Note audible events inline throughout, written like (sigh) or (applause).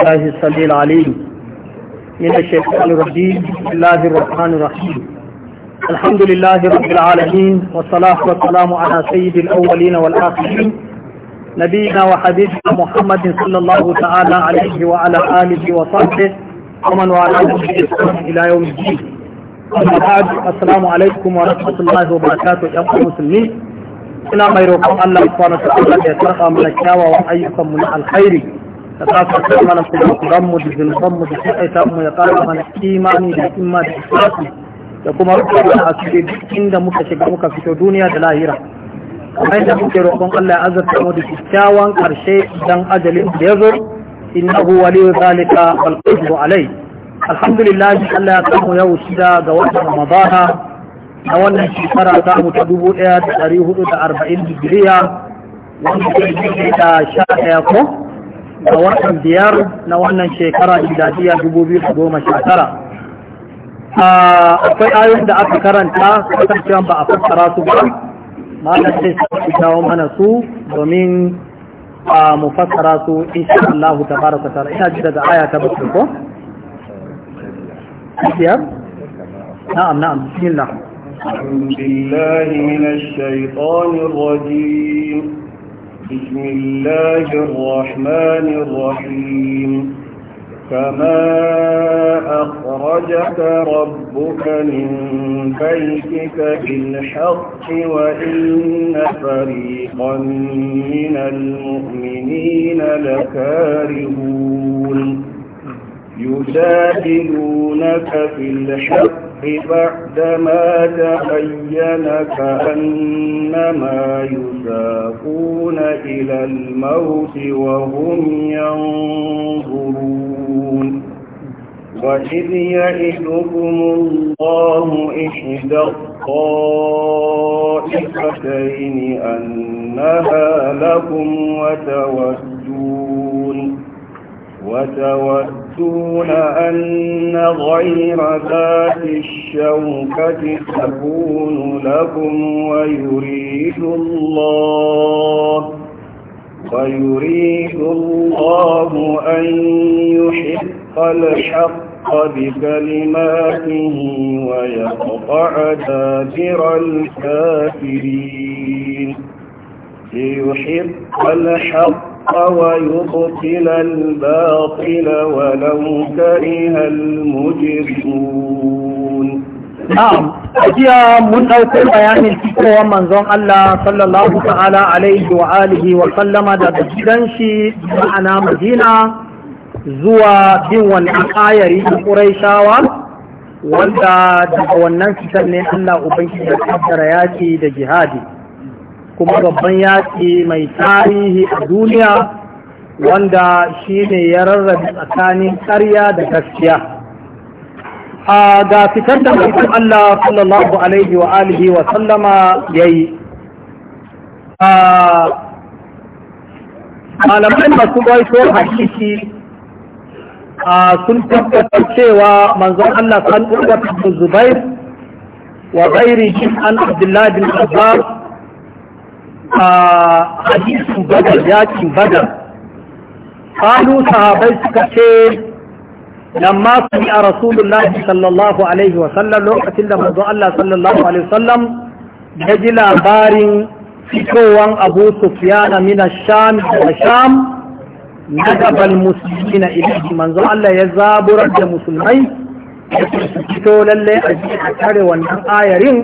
الله السميع العليم من الشيطان الرجيم بسم الله الرحمن الرحيم الحمد لله رب العالمين والصلاة والسلام على سيد الأولين والآخرين نبينا وحبيبنا محمد صلى الله تعالى عليه وعلى آله وصحبه ومن والاه إلى يوم الدين أما بعد السلام عليكم ورحمة الله وبركاته يا المسلمين ina mai roƙon Allah subhanahu wa ta'ala ya tarka mana kyawawan ayyukan mu na alkhairi تقاف تعمل في الغم في الغم في حقه تأم يقال من إيماني لإما بإخلاصي يقوم ربنا أسجد عند مكشفك في الدنيا دلاهرة kamar da muke roƙon Allah ya azurta mu da kyakkyawan ƙarshe dan ajalin da ya zo innahu waliyu zalika wal qadru alai alhamdulillah Allah ya samu yau shida ga watan ramadana na wannan shekara ta mu ta dubu ɗaya da hudu da arba'in sha ɗaya ko a watan biyar na wannan shekara idadiya tara. akwai ayoyin da aka karanta kasancewa ba a fassara su ba malam sai su dawo mana su domin a mu fassara su insha Allah tabaraka ta'ala ina ji daga aya ta bakwai ko biyar na'am na'am bismillah أعوذ بالله من الشيطان الرجيم بسم الله الرحمن الرحيم كما أخرجك ربك من بيتك بالحق وإن فريقا من المؤمنين لكارهون يجادلونك في الحق بعدما تبين كأنما يساقون إلى الموت وهم ينظرون وإذ يئذكم الله إحدى الطائفتين أنها لكم وتودون وتودون يحسون أن غير ذات الشوكة تكون لكم ويريد الله ويريد الله أن يحق الحق بكلماته ويقطع دابر الكافرين ليحق الحق الحق ويبطل الباطل ولو كره المجرمون نعم أجيا من أوكو بيان الكتوى من زون الله صلى الله تعالى عليه وآله وسلم دا بجدنشي معنا مدينة زوا بن والآية قريشاوة wanda daga wannan fitar ne Allah Ubangiji ya kaddara yaki da jihadi kuma babban yaƙi mai tarihi a duniya wanda shi ne ya rarrabe tsakanin ƙarya da gaskiya a ga fitar da mai Allah sallallahu alaihi wa alihi wa sallama ya yi malamai masu baito hakiki sun tabbatar cewa manzon Allah san urwata zubair wa shi an abdullahi bin abbas a hadisin badar yakin badar قالوا صحابيتك شيء لما سمع رسول الله صلى الله عليه وسلم لوقت لما الله صلى الله عليه وسلم يجي لابار فكوا أبو سفيان من الشام الشام ندب المسلمين إليه من ذو الله يزاب رد المسلمين يتسكتوا للي أجيب أكار وأنهم آيرين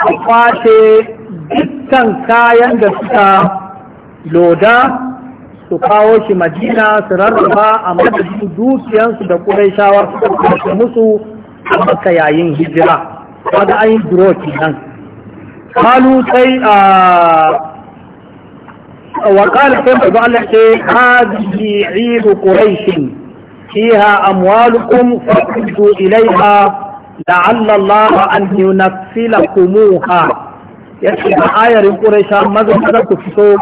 أقاشي dukkan kayan da suka loda su kawo shi madina su rarraba a madadin dukiyansu da kudai shawar su musu a maka yayin hijira wadda an yi duroki nan kalu sai a wakal sai mabu Allah ce ha zai yi da kurai shi shi ha amwalukum fa'idu da la'allallah an yi nafsila ha. ya ce da ayarin ƙuraisha maza maza ku fito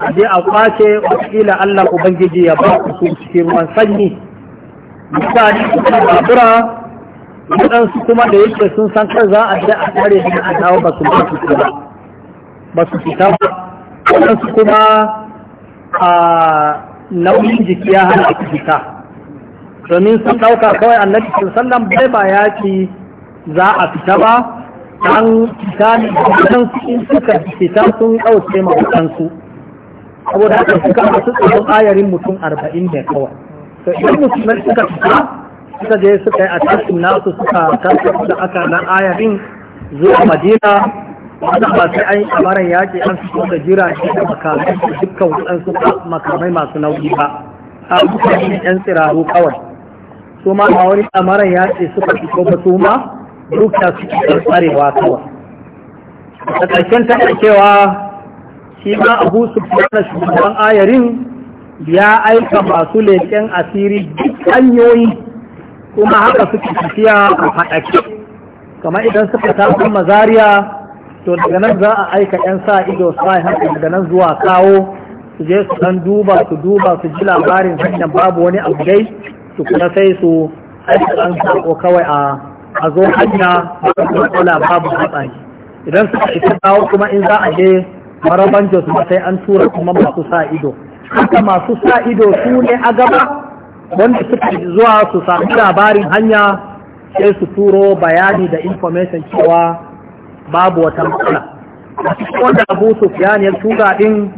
a je a kwace wakila Allah Ubangiji ya ba ku su cikin ruwan sanyi mutane suka babura waɗansu kuma da yake sun san kai za a je a tare da a dawo ba su ba su fita ba su fita ba waɗansu kuma a nauyin jiki ya hana su fita domin sun ɗauka kawai annabi sallallahu alaihi wasallam bai ba yaki za a fita ba an kan in suka fita sun kauce ma kansu saboda haka suka masu tsoron ayarin mutum arba'in da kawai to idan musulmai suka fita suka je suka yi a cikin nasu suka tashi da aka na ayarin zuwa madina wanda ba sai an yi amaran yaƙi an fito da jirage da makamai dukkan waɗansu makamai masu nauyi ba a kusa yan tsiraru kawai su ma a wani amaran yaƙi suka fito ba su ma duka suke karfarewa kawai a ƙarshen cewa shi ma abu su fara shugaban ayarin ya aika masu leƙen asiri duk hanyoyi kuma haka suke tafiya a faɗake kamar idan suka tafi mazariya to daga nan za a aika 'yan sa ido sai haka daga nan zuwa kawo su je su dan duba su duba su ji labarin hanyar babu wani abu dai su kuma sai su aika an sako kawai a a zo hanya matsala babu hatsari idan suka isa kawo kuma in za a je maraban jos sai an tura kuma masu sa ido haka masu sa ido su ne a gaba wanda suka zuwa su sami labarin hanya sai su turo bayani da information cewa babu wata matsala wanda abu su ya tura din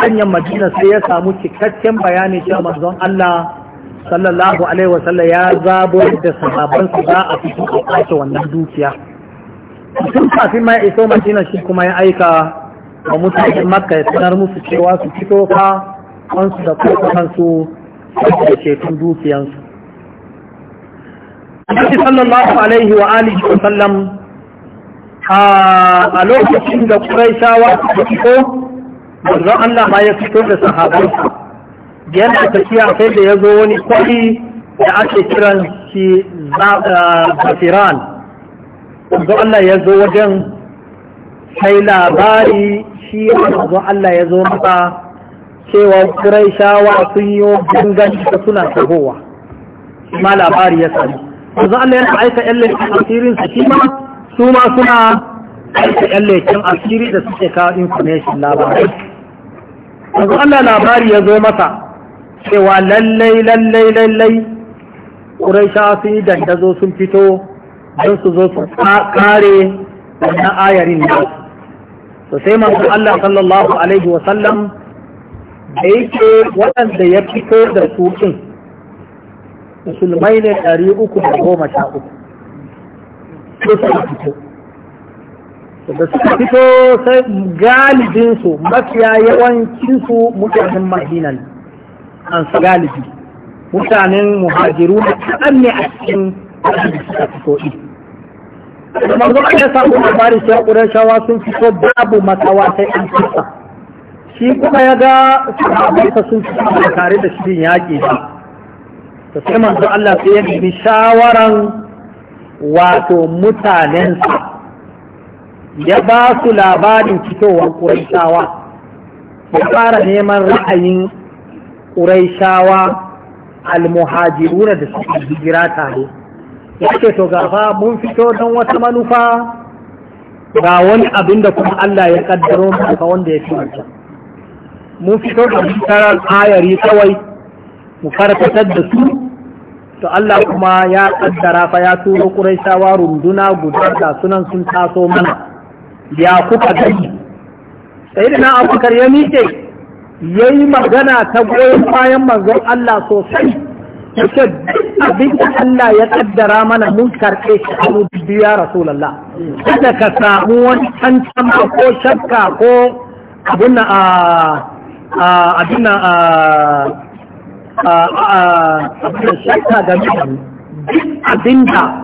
hanyar madina sai ya samu cikakken bayani cewa manzon Allah sallallahu alaihi wasallam ya zabo da su za a fito a kwace wannan dukiya sun kafin mai ya iso madina shi kuma ya aika wa mutane makka ya sanar musu cewa su fito ka kansu da kansu da cetun dukiyansu Annabi sallallahu alaihi wa alihi wa sallam a lokacin da Quraishawa suka fito manzon Allah ma ya fito da sahabansa yana tafiya sai da ya zo wani kwari da ake kiran shi eh, zafiran zo Allah ya zo wajen sai labari shi zo Allah ya zo masa cewa kurai shawa sun yi gangan da suna tahowa ma labari ya sami yanzu Allah yana aika yan laifin asirin su shi ma su ma suna aika yan laifin asiri da suke kawo information labarai yanzu Allah labari ya zo masa cewa lallai lallai lallai ƙuraisha sun yi dandazo sun fito don su zo su kare wannan ayarin da to sai masu Allah sallallahu alaihi Wasallam. sallam da yake waɗanda ya fito da su ɗin musulmai ne ɗari uku da goma sha uku su suka fito da suka fito sai galibinsu mafiya yawancinsu mutanen madinan ansa galibi mutanen muhajiru da kaɗan ne a cikin waɗanda suka fito ɗin manzo Allah sa kuma bari sai Qurayshawa sun fito babu makawa sai an fita shi kuma ya ga sahabbansa sun fito tare da shirin yaƙi ba. Ta sai manzo Allah sai ya nemi shawaran wato mutanensa ya ba su labarin fitowar shawa. ya fara neman ra'ayin ƙuraishawa almuhajiruna da suke hijira tare yake to gafa mun fito don wata manufa ga wani abin da kuma Allah ya kaddaro maka wanda ya fi wata mun fito da mutarar ayari kawai mu karkatar da su to Allah kuma ya kaddara fa ya turo Quraishawa runduna guda da sunan sun taso mana ya kuka gani na Abubakar ya miƙe ya yi magana ta goyon bayan manzon Allah sosai ya ce abin da Allah ya ƙaddara mana mun karɓe shi hannu biyu ya rasulallah kada ka samu wani tantama ko shakka ko abin na abin na abin da shakka game abin da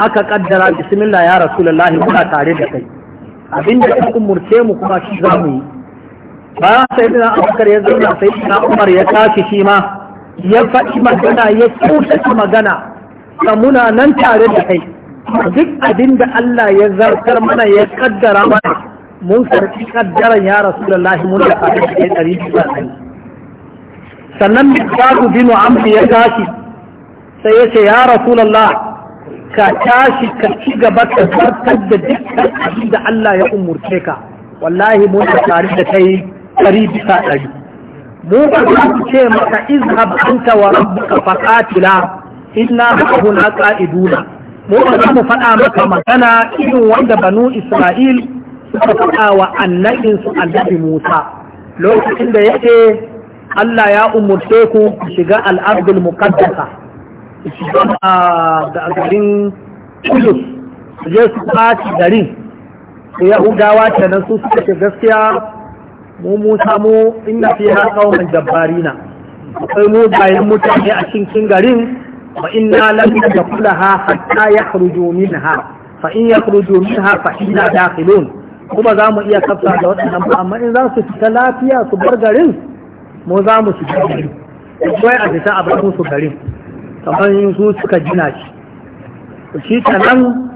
aka ƙaddara bismillah ya rasulallah muna tare da kai abin da ka umurce mu kuma shi za mu yi bayan sai dina abubakar ya zauna sai dina umar ya tashi shi ma ya faɗi magana ya kyautata magana ka muna nan tare da kai duk abin da Allah ya zartar mana ya kaddara mana mun karɓi kaddaran ya rasulullahi mun da fata da ɗari bisa ɗari sannan misbahu bin amri ya tashi sai ya ce ya rasulullah ka tashi ka ci gaba ka zartar da dukkan abin da Allah ya umurce ka wallahi mun da tare da kai ɗari bisa ɗari mu ba za mu ce maka izhab anta wa rabbuka faqatila inna qa'iduna mu ba za mu faɗa maka magana irin wanda banu Isra'il suka faɗa wa annabinsu annabi Musa lokacin da yake Allah ya umurce ku shiga al'abdul muqaddasa shiga da garin Kudus je su ɓaci garin Yahudawa kenan su suka ce gaskiya mu mu samu inna fi ha qauman jabbarina akwai mu bayan mutane a cikin garin wa inna lam nadkhulaha hatta yakhruju ha, fa in ya yakhruju ha fa ina da dakhilun kuma za mu iya kafsa da waɗannan ba amma in za su fita lafiya su bar garin mu za mu shiga garin kawai a fita a bar su garin kamar yin su suka gina shi shi ta nan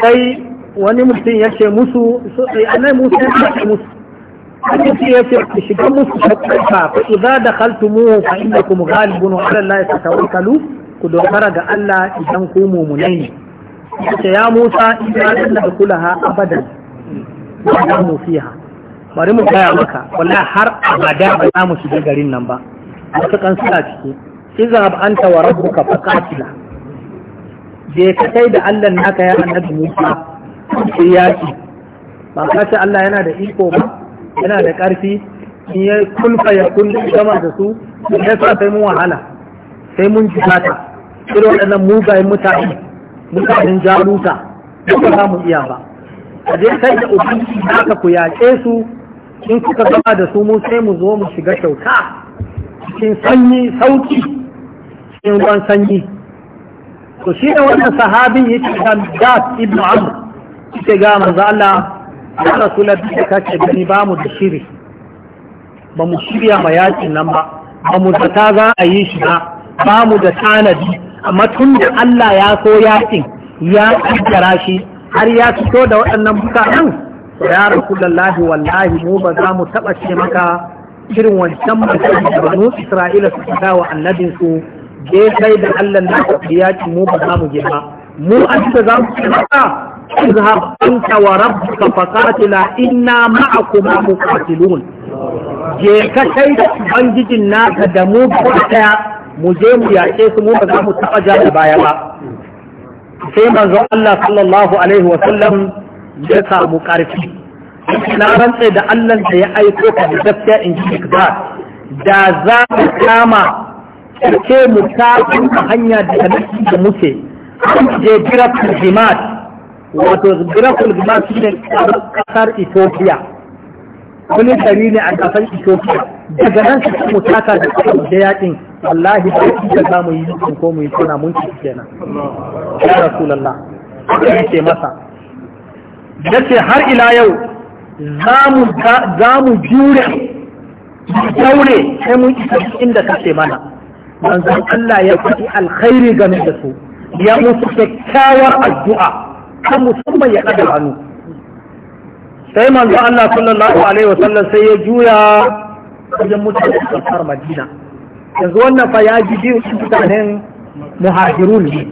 sai wani mutum ya ce musu eh, annai musu ya ce musu hadisi ya ce ku shiga musu shakka fa idza dakhaltumuhu fa innakum ghalibun wa ala allahi fatawakkalu ku dogara ga Allah idan ku mumunai ne ce ya Musa idan Allah kulaha abadan wa la mufiha bari mu gaya maka wallahi har abada ba za mu garin nan ba wasu kan suna ciki wa je ka da Allah naka ya annabi Musa sai ba Allah yana da iko ba yana da ƙarfi in ya kulfa ya kulle gama da su ya sa sai mun wahala sai mun ji fata irin waɗannan mugayen mutane mutanen jaruta ba za mu iya ba a je kai da ubangiji haka ku yaƙe su in kuka gama da su mu sai mu zo mu shiga kyauta cikin sanyi sauki cikin ruwan sanyi to shi ne wannan sahabin yake da Ibn Amr yake ga manzo Allah ya rasula duk da kake gani ba mu da shiri ba mu shirya ma yakin nan ba ba mu zata za a yi shi ba ba mu da tanadi amma tun da Allah ya so yakin ya kaddara shi har ya fito da waɗannan mutanen ya rasulullahi wallahi mu ba za mu taɓa ce maka irin wancan mutum da banu Isra'ila su fita wa annabinsu je kai da Allah na yakin mu ba za mu je ba mu an da za mu ce haka izhab anta wa rabbuka faqatila inna ma'akuma muqatilun je ka kai da ubangijin naka da mu daya mu je mu yaƙe su mu ba za mu taɓa ja da baya ba sai manzon Allah sallallahu alaihi wa sallam ya samu ƙarfi na rantse da Allah da ya aiko ka da gaskiya in ji da za mu kama ce mu kafin hanya da nake da muke an je birakul jimat wato birakul jimat shi ne kasar ethiopia Kuni gari ne a kasar ethiopia daga nan su mu taka da kasar da yakin wallahi da shi da zamu yi sun ko mu yi suna mun ci kenan ya rasulullah sai ce masa yace har ila yau zamu zamu jure daure sai mun isa inda kace mana manzon Allah ya faɗi alkhairi game da su ya musu kyakkyawar addu'a kan musamman ya ɗaga hannu sai manzo Allah sallallahu alaihi wasallam sai ya juya wajen mutane a kasar Madina yanzu wannan fa ya ji biyu mutanen muhajirun ne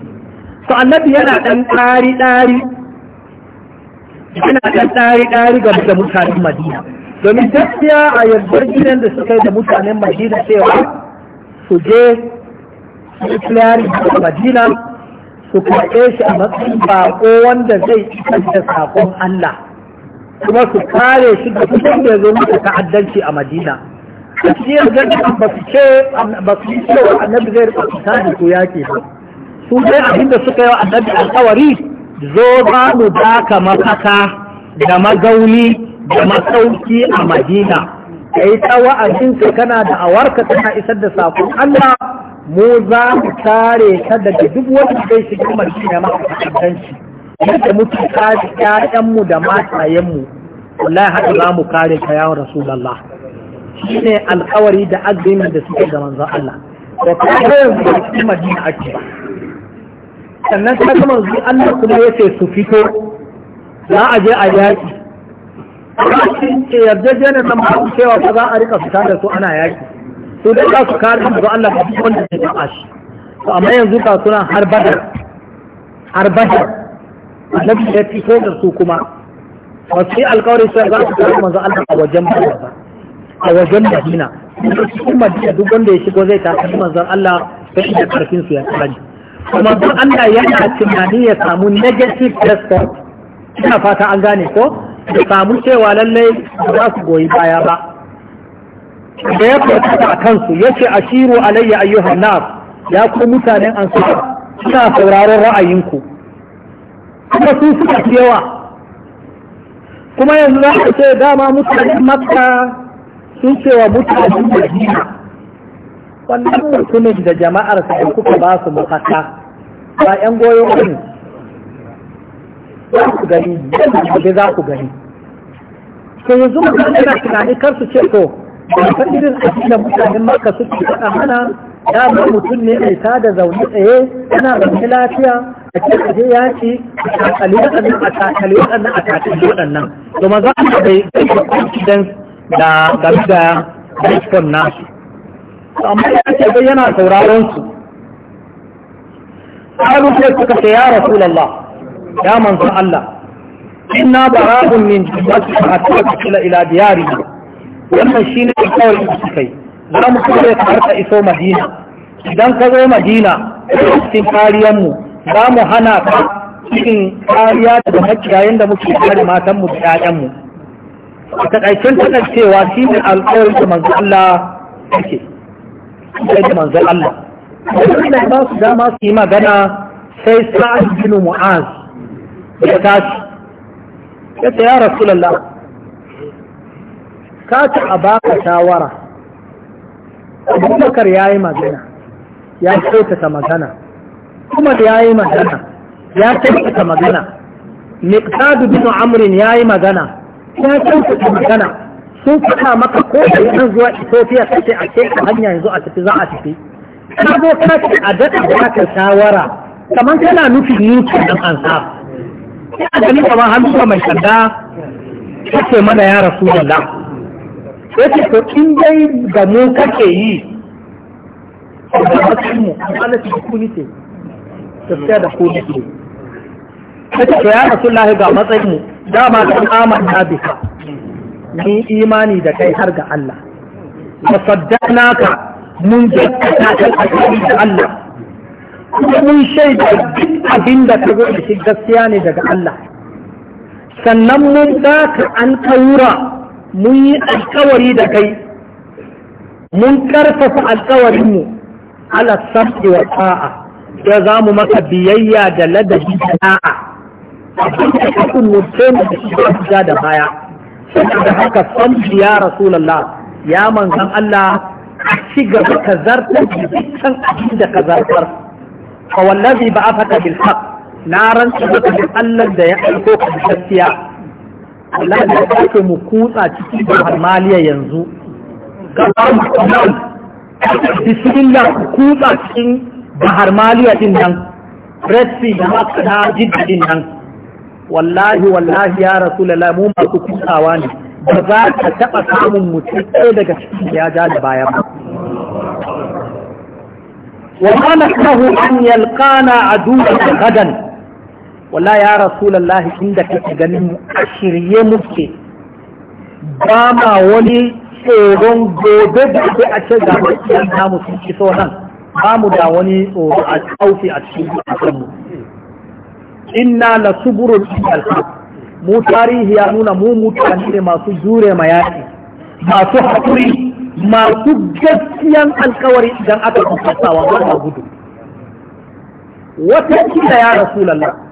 to annabi yana ɗan ɗari ɗari yana ɗan ɗari ɗari ga da mutanen Madina domin gaskiya a yardar gidan da suka yi da mutanen Madina cewa su je su yi da Madina su karɓe shi a matsayin baƙo wanda zai isar da saƙon Allah kuma su kare shi da kusan da ya zo masa ta'addanci a Madina a cikin ganin ba su ce ba su yi cewa annabi zai rika su da ko yaƙi ba su dai abinda suka yi wa annabi alƙawari zo za mu baka mafaka da magauni da masauki a Madina kai ta wa'azinka kana da awarka tana isar da saƙon Allah mu za mu kare ka daga duk wanda zai shiga mulki da ma'aikatan shi yadda muke kare ƴaƴanmu da matayenmu wallahi haka za mu kare ka yawon rasulallah, shi ne alkawari da azumin da suke da manzon Allah to ka ga yanzu da cikin madina ake ba sannan ka ga manzon Allah kuma yace su fito za a je a yaƙi, yaki ce yarjejeniyar nan ba cewa ba za a rika fita da su ana yaki su da za su kare zo Allah ga duk wanda zai taɓa shi to amma yanzu ka suna har badar har badar annabi ya fito da su kuma ba su yi alƙawarin su za su kare manzo Allah a wajen badar ba a wajen Madina cikin Madina duk wanda ya shigo zai tafi manzon Allah sai da karfin su ya tsani kuma duk Allah yana tunani ya samu negative response ina fata an gane ko da samu cewa lallai ba za su goyi baya ba da ya fata a kansu a ashiru alayya ayyuhar nar ya ku mutanen ansar suna sauraron ra'ayinku kuma su suka fi yawa kuma yanzu za a ce dama mutanen makka sun ce wa mutanen madina wannan mutumin da jama'ar sa kuka ba su mafaka ba yan goyon wani za ku gani yadda za ku gani to yanzu mutane na tunani kar su ce to ba irin cikin mutanen maka suke faɗa mana ya ba mutum ne mai sada zaune tsaye yana zaune lafiya a ce ka je yaki a takali waɗannan a takali waɗannan a takali waɗannan to a Allah bai bai confidence da game da respond nasu amma ya ce bai yana sauraron su قالوا كيف كيف يا رسول الله يا منصور الله إنا براء من جمعتك حتى تصل ila ديارنا wannan shi ne alkawarin da suka yi za mu kuma ka harka iso madina idan ka zo madina cikin kariyanmu za mu hana ka cikin kariya daga makiyayen da muke kare matanmu da 'ya'yanmu a takaicin tanar cewa shi ne alkawarin da manzo Allah yake sai da manzo Allah wannan ba su dama su yi magana sai sa'ad bin mu'az ya tashi ya ta ya rasulullah ka ci a baka shawara abubakar ya yi magana ya kyautata magana kuma ya yi magana ya kyautata magana miqdadu bin amrin ya yi magana ya kyautata magana sun faɗa maka ko da yanzu zuwa Ethiopia ce a ce ka hanya yanzu a tafi za a tafi ka zo ka ce a daɗa da shawara kamar kana nufin nufi ɗan an sai ya gani kamar hannu ba mai sanda ce mana ya rasu da yace to in dai da mu kake yi a matsayin mu Allah ki kuni ce gaskiya da kuni ce yace to ya Rasulullahi ga matsayin mu dama kan amanna bika ni imani da kai har ga Allah wa saddaqnaka mun gaskata ta alƙawari da Allah kuma mun shaida duk abin da ka zo da shi gaskiya ne daga Allah sannan mun ba ka an taura mun yi alkawari da kai mun karfafa alkawarinmu ala sabbi wa ta'a ya za mu maka biyayya da ladabi da ta'a abin da kafin mutum da shi da baya haka sabbi ya rasulallah, ya manzan Allah a ci gaba ka zartar da dukkan abin da ka zartar fa wallazi ba'athaka bil haqq na rantsa da Allah da ya aiko ka gaskiya wallahi da kake mu kutsa cikin Somalia yanzu kasar mu kamar bismillah ku kutsa cikin Bahar Maliya din nan Red Sea da aka da jidda din nan wallahi wallahi ya Rasulullah mu masu kutsawa ne ba za ka taɓa samun mutum ɗaya daga cikin ya ja da baya ba wa ma nahnu an yalqana aduwwan gadan walla ya rasulallahi inda kake ganin mu a shirye muke ba ma wani tsoron gobe da ake a ce ga makiyan namu sun so nan ba mu da wani tsoro a kauce a cikin kanmu inna la suburul ilal mu tarihi ya nuna mu mutane ne masu jure ma yaki masu haƙuri masu gaskiyan alkawari idan aka kusantawa ba gudu wata kila ya rasulallah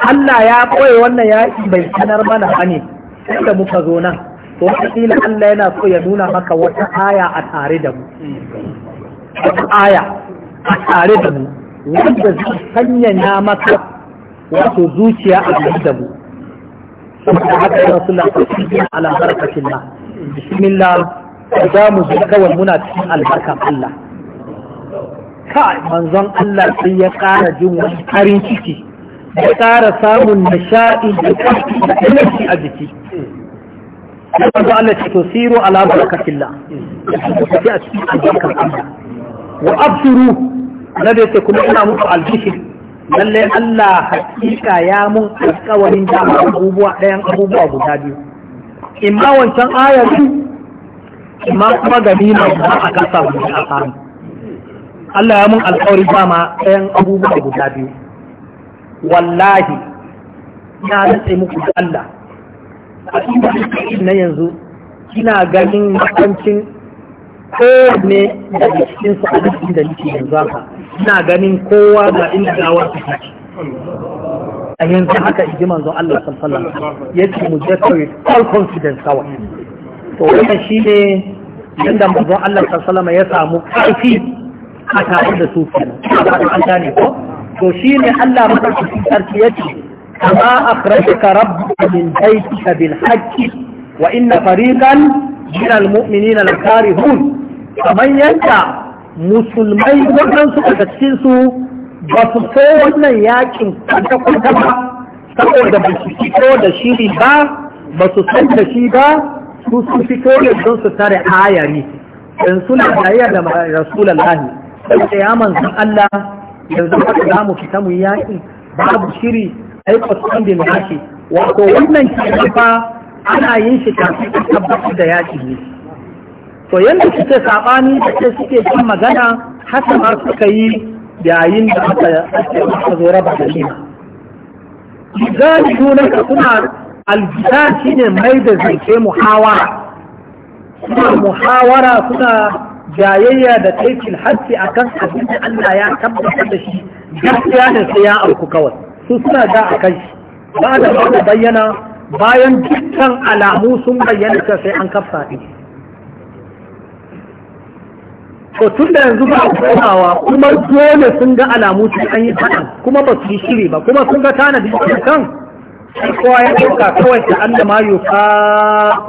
Allah ya koya wannan yaƙi bai sanar mana ba ne inda muka zo nan to kila Allah yana so ya nuna maka wata aya a tare da mu wata aya a tare da mu wanda zai sanyanya maka wato zuciya a tare da mu saboda haka ya rasu lafiya ala barakatun na bismillah za mu zo kawai muna cikin albarkan Allah ka manzon Allah sai ya ƙara jin wani farin ciki ya ƙara samun nishaɗi da ƙarfi a jiki ya manzo Allah ce to siru ala da ku a cikin albarkar Allah wa abduru na da yake kuma ina muku albishir lallai Allah hakika ya mun alƙawarin da abubuwa ɗayan abubuwa guda biyu ma wancan ayar ma kuma gani na guda a kasa guda a Allah ya mun alƙawarin dama ɗayan abubuwa guda biyu wallahi ya rantse muku da Allah a cikin na yanzu kina ganin ko ne daga cikin su a cikin da nake yanzu haka Kina ganin kowa da inda gawar su take a yanzu haka iji manzon Allah sallallahu alaihi wasallam yace mu je kawai all confidence kawai to wannan shine yanda manzon Allah sallallahu alaihi wasallam ya samu karfi a tare da su kenan an ko to shi ne Allah madaukakin sarki yake kama akhrajaka rabbuka min baytika bil haqqi wa inna farikan min al mu'minina la karihun yanka musulmai wannan a daga cikin su ba su so wannan yakin kwata kwata ba saboda ba su fito da shiri ba ba su san da shi ba su sun fito ne don su tare ayari in suna tare da rasulallahi sai ya manzan Allah yanzu haka za mu fita mu yaƙi babu shiri aiko sandin yaki wato wannan kenan fa ana yin shi kafin a tabbatar da yaƙi ne to yanda suke saɓani da ke suke kan magana haka ma suka yi yayin da aka zo raba da lima gani sunanka suna aljitar shi ne mai da zance muhawara suna muhawara suna jayayya da taikin haske a kan abin da Allah ya tabbatar da shi gaskiya ne sai ya auku kawai su suna da a kai ba da ba bayyana bayan dukkan alamu sun bayyana cewa sai an kafa to tun da yanzu ba a komawa kuma dole sun ga alamu sun an yi faɗan kuma ba su yi shiri ba kuma sun ga tanadi a kan kowa ya ɗauka kawai da Allah ma yuka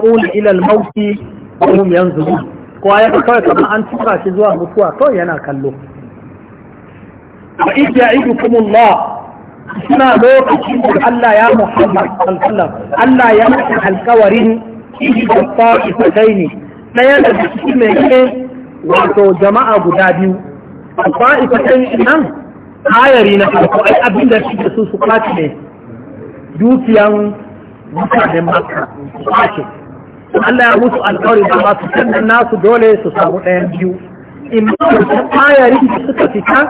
ƙuli ilal mauki, ko hum yanzu kowa ya kawai kamar an tura shi zuwa mutuwa kawai yana kallo wa idda idukumullah suna lokacin da Allah ya Muhammad sallallahu Allah ya mutu alkawarin shi da kai ne ɗaya da shi mai ke wato jama'a guda biyu fa'ifatai nan ayari na farko ai abin da shi da su su kwace ne dukiyan mutanen maka su kwace Allah ya musu alƙawari da ba su canza nasu dole su samu ɗayan biyu in ba su tsayari suka fita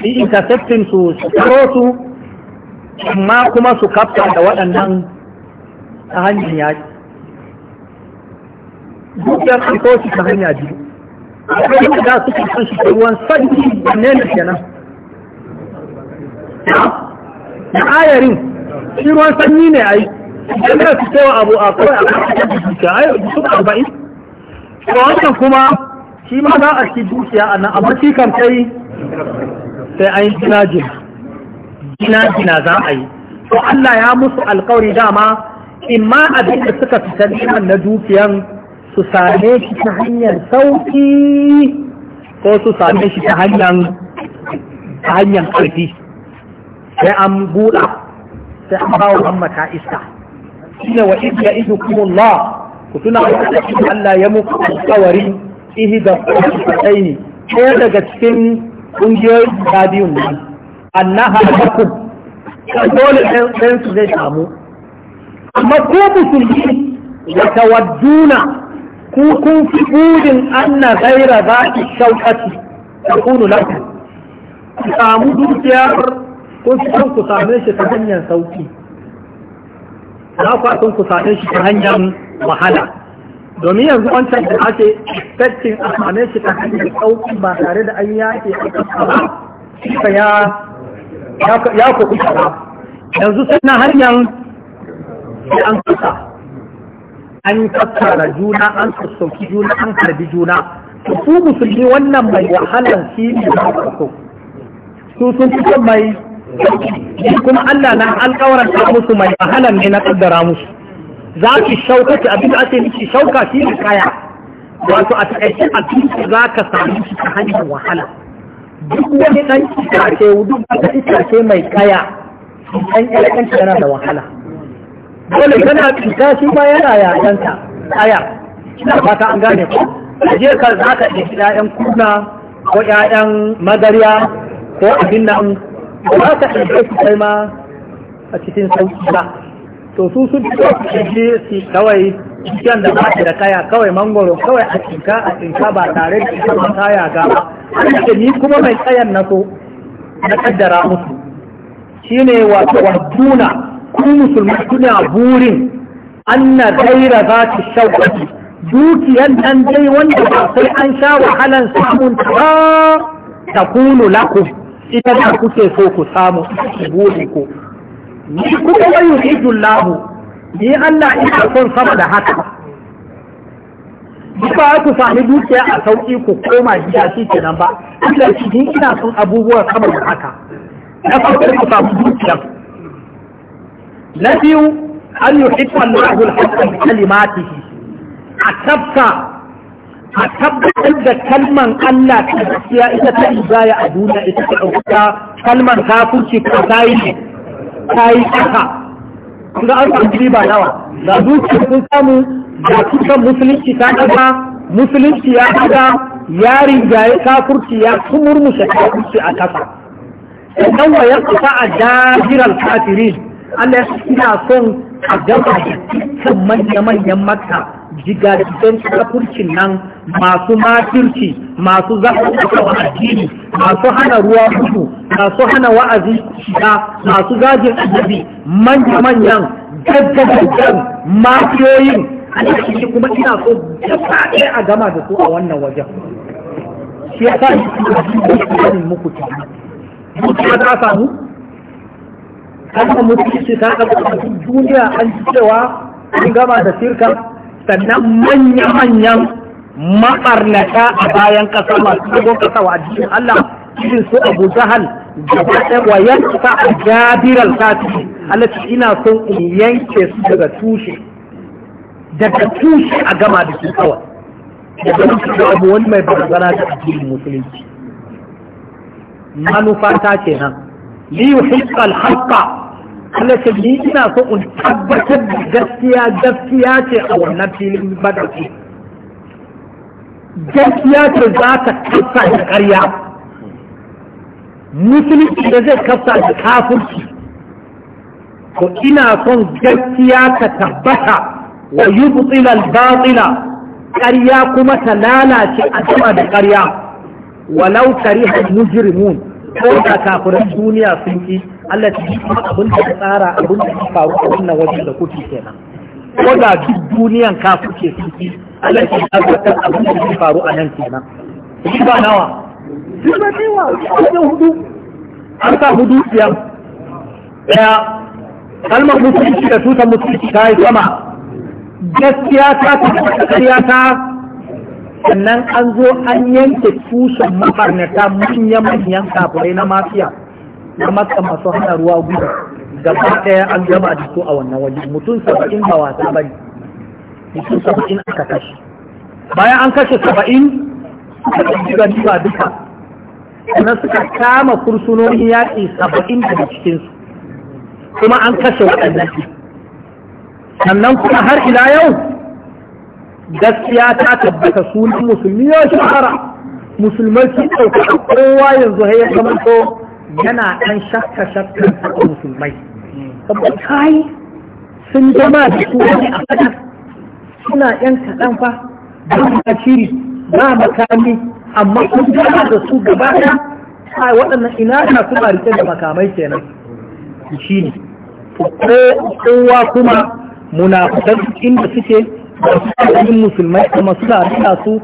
su intercepting su su karo su amma kuma su kafta da waɗannan ta hanyar yaƙi dukiyar an kawo ta hanya biyu akwai yadda su ke son shi ruwan sanyi da nena kenan na ayarin shi ruwan sanyi ne a yi yana su cewa abu a kawai a kan dukiya ai su arba'in to wannan kuma shi ma za a ci dukiya a nan amma shi kan kai sai an yi jinajina gina za a yi to Allah ya musu alkawari dama ma abin da suka fita neman na dukiyan su same shi ta hanyar sauki ko su same shi ta hanyar ta hanyar ƙarfi sai an buɗa sai an bawa an mata iska shine wa idh ya'idukumullah ku tuna Allah ya muku alƙawari ihda qataini ko daga cikin kungiyoyin guda biyun nan annaha lakum dole ɗayan su zai samu amma ko musulmi wa tawadduna ku kun fi budin anna ghaira za'i shauqati takunu lakum ku samu dukiyar kun san ku same shi ta hanyar sauki za ku asun ku saɗe shi ta hanyar wahala domin yanzu wancan da ake tattin a same shi ta hanyar sauƙi ba tare da an yaƙi a ƙasa ba ya ya ku kuka ba yanzu sai na hanyar da an kasa an tattara juna an sassauki juna an harbi juna su musulmi wannan mai wahalar shi ne ba su su sun fito mai kuma Allah na alƙawaran ta musu mai wahala ne na kaddara musu za ki shauka ki abin da ake miki shauka shi ne kaya wato a taƙaice a cikin za ka samu shi ta hanyar wahala duk wani ɗan itace duk wani itace mai kaya ɗan ƴaƴan yana da wahala dole kana cuta shi ma yana yaƙanta kaya ba fata an gane ku je ka za ka ɗauki ƴaƴan kuna ko ƴaƴan mazariya ko abin nan ba ka ɗauke su kai ma a cikin sauki ba to su sun fi ɗauke su kawai cikin da ba da kaya kawai mangoro kawai a cinka a cinka ba tare da ita ba kaya ga ba ni kuma mai tsayan na so na kaddara musu shine wato waduna ku musulmai kuna burin anna gaira za ta shawaki dukiyar dan dai wanda ba sai an sha wahalan samun ta ta kunu lakum ita da kuke so ku samu buɗe ku ni kuma wa yuhidu Allah ni Allah ina son sama da haka ba ku sami dukiya a sauki ku koma gida shi kenan ba Allah shi ina son abubuwa sama da haka na farko ku samu dukiya na biyu an yuhibbu Allahu al hakka bi kalimatihi a tafka a tabbatar da kalman Allah ta gaskiya ita ta ibaya a duniya ita ta ɗauka kalman kafurci ta tayi ne yi ƙasa kuma an samu ba nawa da zuciya sun samu da kusan musulunci ta ɗaga musulunci ya ɗaga yarin jaye kafurci ya ta kafurci a ƙasa sannan wa ya kusa a jahirar kafirin Allah ya ina son a gaba da manya manyan makka jigajen kafurcin nan masu makirci masu zaɓaɓɓa a addini masu hana ruwa hudu masu hana wa'azi shiga masu gajin azabi manya-manyan gaggagaggan makiyoyin cikin kuma ina so gaba ɗaya a gama da su a wannan wajen shi ya sa ni kuma muku tare mutuwa ta samu an mutu shi ta ɗaga duniya an cewa an gama da shirka sannan manya-manyan maɓarnata a bayan ƙasa masu zagon ƙasa wa jikin Allah irin su Abu Jahal da wa yanka a jabiral kafi Allah ce ina son in yanke su daga tushe daga tushe a gama da su kawai daga tushe da abu wani mai barazana da addinin musulunci manufa ta kenan li yuhiqqa al Allah ni ina so in tabbatar da gaskiya gaskiya ce a wannan filin badar gaskiya ce za ta kasa da ƙarya musulunci da zai kasa da kafurci ko ina son gaskiya ta tabbata wa yi al-batila ƙarya kuma ta lalace a sama da ƙarya walau kariha mujrimun ko da kafirin duniya sun ki Allah ta yi abin da tsara abin da ya faru a wannan wajen da kuke kenan ko da duk duniyan ka kuke sun ki Allah ta yi tabbatar abin da ya faru a nan kenan shi ba nawa shi ba nawa wajen hudu an sa hudu biyar Ya. kalmar mutunci da tutar mutunci ta yi sama gaskiya ta ta ta sannan an zo an yanke tushen mafarnata manyan manyan kafirai na mafiya na maka masu hana ruwa gudu gaba ɗaya an gama da su a wannan waje mutum saba'in ba wasa ne mutum saba'in aka kashe bayan an kashe saba'in suka ɗauki ganima duka kuma suka kama kursunonin yaƙi saba'in daga cikinsu kuma an kashe waɗannan sannan kuma har ila yau gaskiya ta tabbata sunan musulmi ya shahara musulmai sun ɗauka kowa yanzu ya zama to yana ɗan shakka shakkan ta musulmai saboda kai sun zama da su wani a suna yan kaɗan fa ba tasiri ba makami amma sun zama da su gaba ɗaya a waɗannan ina na kuma rike da makamai kenan shi ne kowa kuma munafukan inda suke da musulmai kuma suna rika su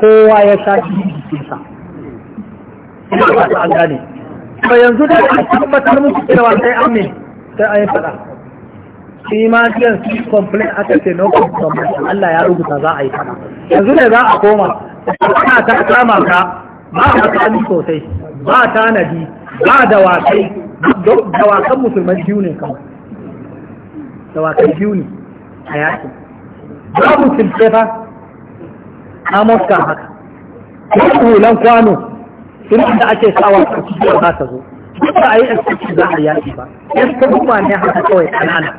kowa ya sha jikinsa ina ba ta an gane ba yanzu da a tabbatar musu cewa sai an ne sai an yi faɗa shi ma jiyan su complain aka ce no complain Allah ya rubuta za a yi faɗa yanzu ne za a koma Ina ta kama ka ba a tsani sosai ba tanadi ba dawakai dawakan musulmai biyu ne kawai dawakan biyu ne a yakin babu silke fa a moskar haka ko hulan kwano sun da ake sawa a cikin za ta zo ba a yi asibiti za a yaki ba yan kuma ne haka kawai ƙanana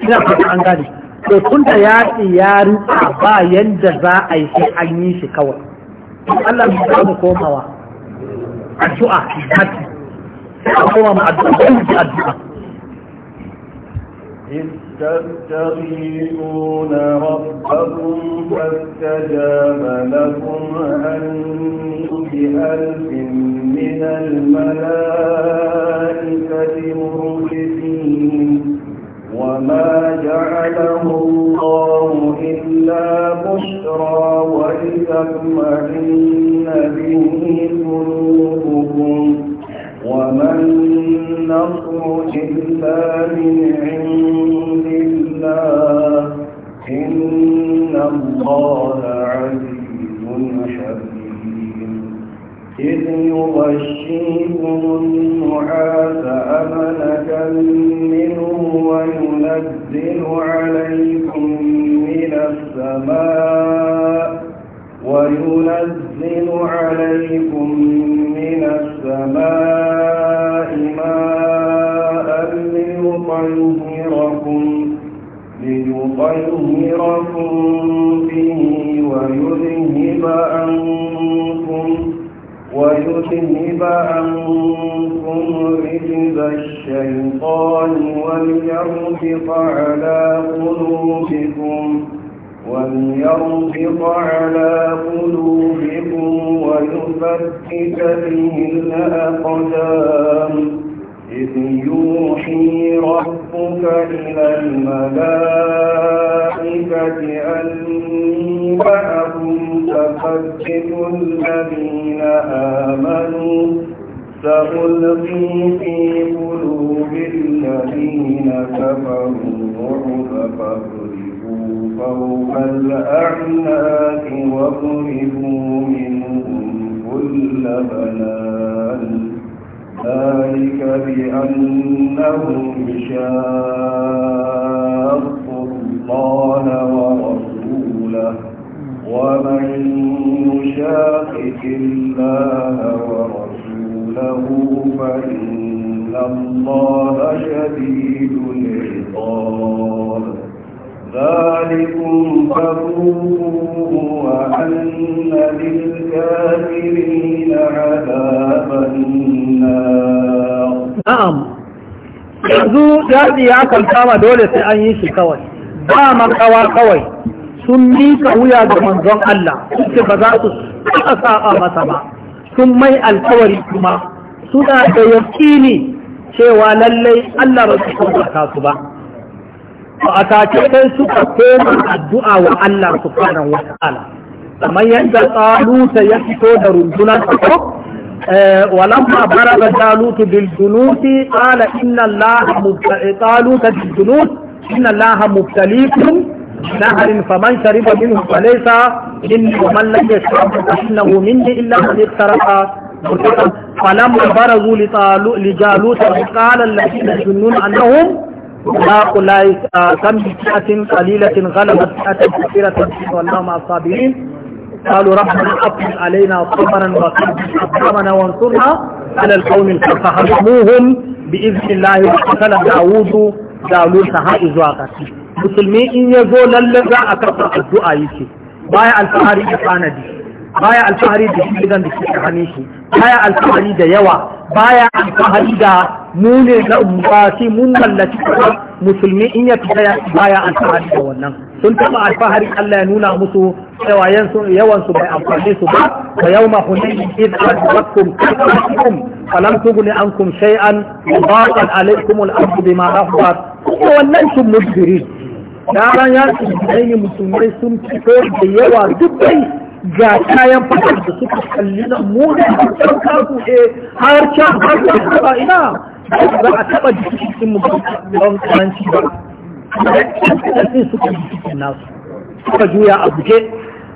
ina fata an gani to tun da yaki ya rufa ba yanda za a yi sai an yi shi kawai Allah mu samu komawa addu'a hati sai a koma mu addu'a addu'a تبتغيون ربكم فاستجاب لكم أني بألف من الملائكة مرسلين وما جعله الله إلا بشرى ولتطمئن به قلوبكم وما النصر إلا من عند الله إن الله عزيز حكيم إذ يغشيكم النعاس أمنة منه وينزل عليكم من السماء وينزل عليكم من السماء ماء ليطهركم ليطهركم به ويذهب عنكم ويذهب عنكم رجز الشيطان وليربط على قلوبكم وليربط على قلوبكم ويفتك به الأقدام إذ يوحي ربك إلى الملائكة أني معكم تفكك الذين آمنوا سألقي في قلوب الذين كفروا الرعب فوق الأعناق واضربوا منهم كل بنان ذلك بأنهم شاقوا الله ورسوله ومن يشاقق الله ورسوله فإن الله شديد العقاب ذلكم فروه وأن للكافرين عذاب النار نعم yanzu daji ya kama dole sai an yi shi kawai ba makawa kawai sun mika wuya ga manzon Allah suke ba za su suka saba masa ba sun mai alkawari kuma suna da yakini cewa lallai Allah ba su kuma su ba to a take sai suka koma addu'a wa Allah subhanahu wa ta'ala kamar yadda tsaluta ولما برد طالوت بالجنود قال إن الله طالوت بالجنود إن الله مبتليكم نهر فمن شرب منه فليس مني ومن لم يشرب فإنه مني إلا من اقترف فلما برزوا لجالوت قال الذين يظنون أنهم هؤلاء كم بفئة قليلة غلبت فئة كثيرة والله مع الصابرين قالوا ربنا أفضل علينا صبرا وقلبا أكرمنا وانصرنا على القوم فهزموهم بإذن الله وقتل داوود داوود سهائز وقتل musulmi in ya zo lalle za a karɓar addu'a yake baya alfahari da tsanadi baya alfahari da shi gidan da ke hannun shi baya alfahari da yawa baya alfahari da mu ne na umarci mun mallaci musulmi in ya fita ya baya alfahari da wannan sun taba alfahari Allah ya nuna musu cewa yawan su bai amfane su ba wa yawma hunayn id ajabatkum kasratukum falam tughni ankum shay'an dhaqat alaykum al-ardu bima rahbat wannan sun mudbirin yaran ya su musulmai sun fito da yawa duk ga kayan fata da suka kalli na muna har kasu e har can har da kaba ina ba a taba cikin mu don karanci ba sai suka jikin nasu suka juya a buke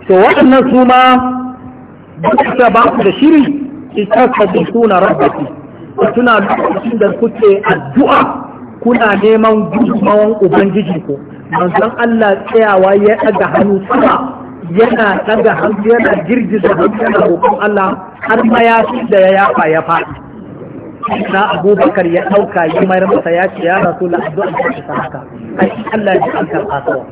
to waɗannan su ma ba ba su da shiri ita ka da suna rabbaki tuna lokacin da kuke addu'a kuna neman gudunmawan ubangijinku manzon Allah tsayawa ya ɗaga hannu sama yana daga hannu yana girgiza hannu yana roƙon Allah har mayafi da ya yafa ya faɗi na abubakar ya ɗauka yi mayar masa ya ce ya rasu la addu'a ta ta haka ai Allah ji an karɓa sawa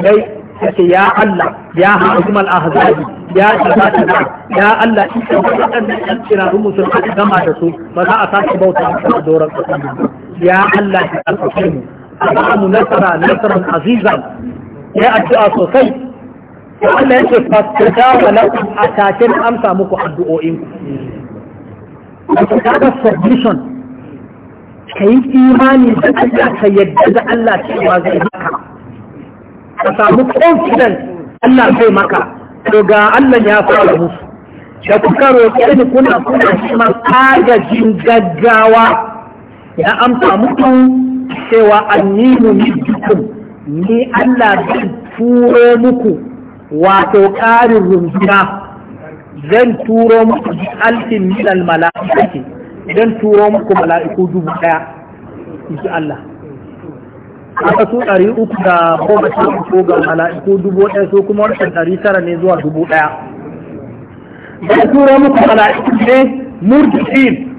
dai yace ya Allah ya hakim al ahzabi ya shafa ta da ya Allah in ka wadannan an kira mu sun gama da su ba za a sake bauta a doron ƙasa ya Allah ji ya karɓa mu A mu nasara nasaran azizan ya addu'a sosai wanda yake fasirta wa lakum a amsa muku addu'o'in ku da submission ka yi imani da Allah ka yadda da Allah cewa zai maka ka samu confidence Allah zai maka to ga Allah ya fara musu da kuka roƙe ni kuna kuna ma. agajin gaggawa ya amsa muku cewa annimu ni ni Allah zai turo muku wato ƙarin runduna zan turo muku alfin milal mala'ikati zan turo muku mala'iku dubu ɗaya in ji Allah a su ɗari uku da goma sha uku ga mala'iku dubu ɗaya su kuma wancan ɗari tara ne zuwa dubu ɗaya zan turo muku mala'iku ne murtifin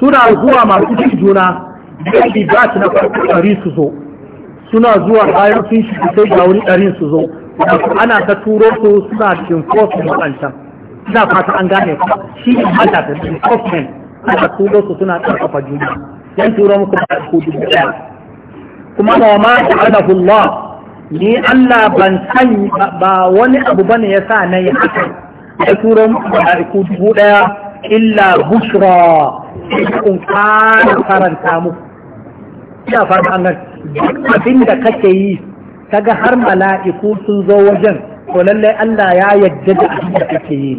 suna zuwa masu cin juna da ba su na farko ɗari su zo suna zuwa bayan sun shi sai ga wani ɗarin su zo ana ta turo su suna cikin kosu waɗancan ina fata an gane ku shi ne hada da enforcement ana turo su suna ƙarfafa juna yan turo muku ba ku dubu ɗaya kuma ba ma ta'adahu Allah ni Allah ban san ba wani abu bane yasa nayi haka ya turo muku ba ku dubu ɗaya illa bushra kun ƙara karanta muku ina fata an gane duk kake yi kaga har mala'iku sun zo wajen to lallai Allah ya yadda da abin da kake yi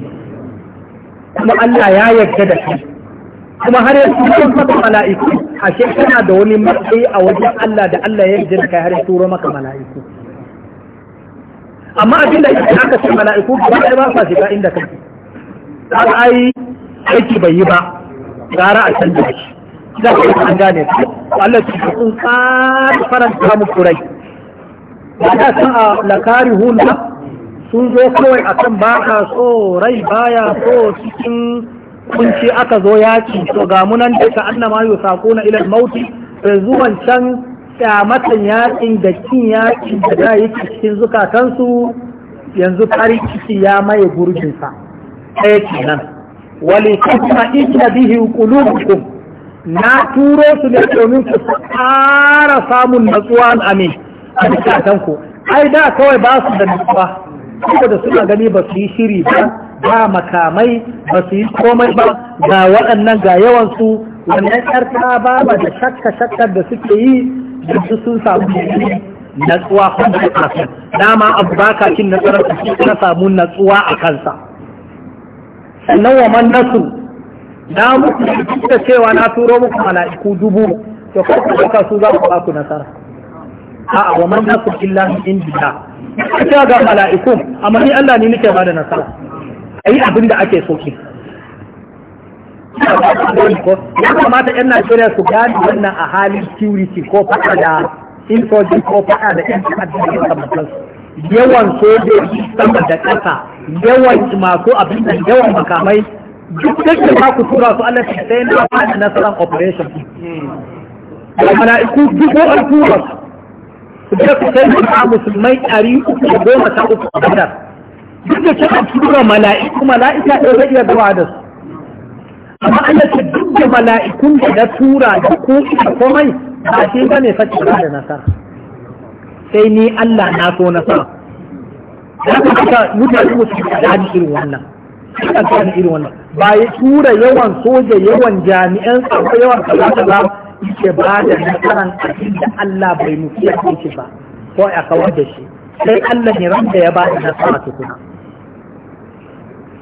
kuma Allah ya yadda da kai kuma har yanzu sun saka mala'iku ashe kana da wani matsayi a wajen Allah da Allah ya yadda da kai har ya turo maka mala'iku amma abin da aka ce mala'iku ba ba sa shiga inda kake ka ai aiki bai yi ba gara a canza shi za ka yi an gane su Allah ce sun ƙara faranta muku rai ba da san a lakari hulma sun zo kawai a kan ka so rai baya so cikin kunci aka zo yaki to ga munan da ka annama yau sako na ilal mauti da zuwan can kyamatan yakin da kin yakin da da yi cikin zukatansu yanzu farin ciki ya maye gurbinsa ɗaya nan, wali kuma inna bihi qulubukum na turo su ne domin ku fara samun natsuwa amin a tanko, ai da kawai ba su da nutsuwa saboda suna gani ba su yi shiri ba ba makamai ba su yi komai ba ga waɗannan ga yawansu wannan ƙarfa ba ba da shakka shakka da suke yi da su sun samu natsuwa kuma da kafin dama abu ba ka cin nasarar su ka samu natsuwa a kansa sannan wa man nasu na muku da cewa na turo muku mala'iku dubu kuma su za ku ba ku nasara a'a wa man nasu illa min indillah ita ga mala'ikun amma ni Allah ne nake ba da nasara ayi abin da ake so ki ya kamata yan Najeriya su gane wannan a halin security ko fada da insurgent ko fada da yan ta'adda da kamar yawan sojoji sama da ƙasa yawan masu abin da yawan makamai duk da ba ku tura su Allah sai na ba da nasaran operation hmm. kuma na duk ko an tura su da ku sai a musulmai ɗari uku da goma sha uku a badar duk da cewa tura mala'iku mala'ika ɗaya zai iya zama da su amma an yace duk da mala'ikun da na tura da ko ita komai ba shi ba ne sace ba da nasara sai ni Allah na so nasara da ka ga mutane musulmi da irin wannan suka irin wannan ba ya tura yawan soja yawan jami'an tsaro yawan kaza kaza yake ba da nasaran abin da Allah bai nufi ya shi ba ko a kawar da shi sai Allah ne ran ya ba da nasara tukuna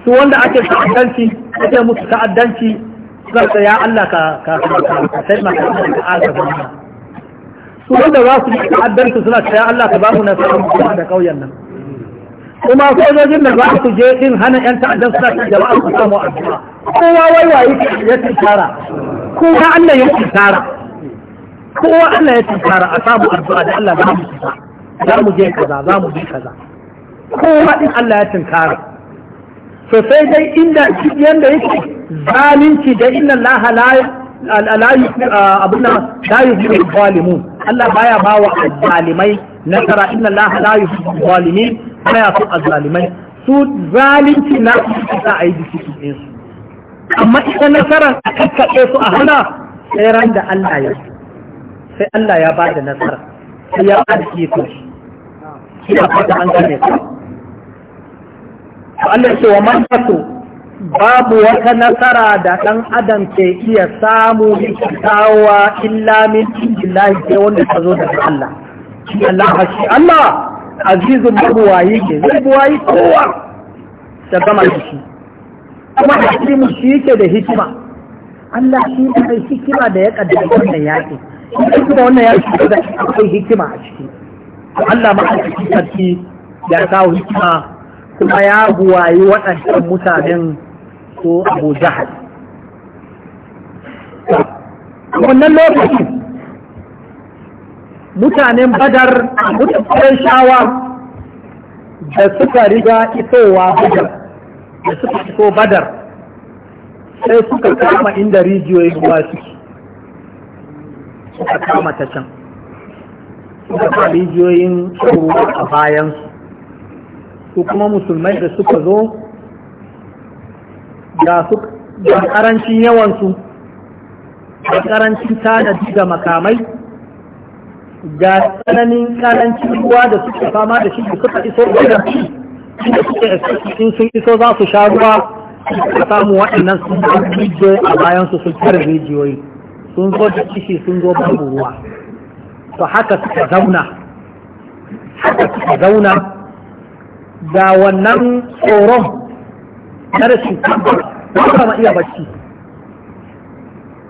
su wanda ake ta'addanci ake musu ta'addanci suka ya Allah ka ka ka sai maka ka azaba su wanda za su yi ta'addanci suna ta ya Allah ka ba mu nasara mu da kauyen nan kuma sojojin da za su je din hana yan ta'addan suna jama'a su samu addu'a kowa waiwaye ya tsara kowa Allah ya tsara kowa Allah ya tsara a samu addu'a da Allah za mu tsara za mu je kaza za mu je kaza kowa din Allah ya tsara so sai dai inda yanda yake zalunci da inna Allah la la abun nan yi yuhibbu zalimun Allah baya bawa zalimai nasara inna Allah la yuhibbu zalimin baya so azzalimai su zalunci na su za a yi disiplin su amma ita nasarar a kakkaɓe su a hana sai ran da Allah ya sai Allah ya ba da nasara sai ya ba da iko shi ya fata an gane su Allah ce wa man babu wata nasara da ɗan adam ke iya samu kawowa illa min indillahi ke wanda ta zo daga Allah shi Allah shi Allah azizun mabuwayi ke zai buwayi kowa da gama shi kuma hakimu shi yake da hikima Allah shi ne mai hikima da ya kaddara wannan yaƙi kuma wannan yaƙi da akwai hikima a ciki Allah ma a cikin sarki ya kawo hikima kuma ya buwayi waɗancan mutanen ko Abu Jahal wannan lokacin mutanen badar mutanen shawa da suka riga isowa badar da suka fito badar sai suka kama inda rijiyoyin ruwa suke suka kama ta can suka kama rijiyoyin ruwa a bayan su kuma musulmai da suka zo da su karancin yawansu da karancin tanadi da makamai ga tsananin karancin ruwa da suka fama da shi da suka iso gidan in sun iso za su sha ruwa a samu waɗannan sun zo rijiyoyi a bayan su sun kare rijiyoyi sun zo da kishi sun zo babu ruwa to haka suka zauna haka suka zauna da wannan tsoron na rashin tabbas ba ma iya bacci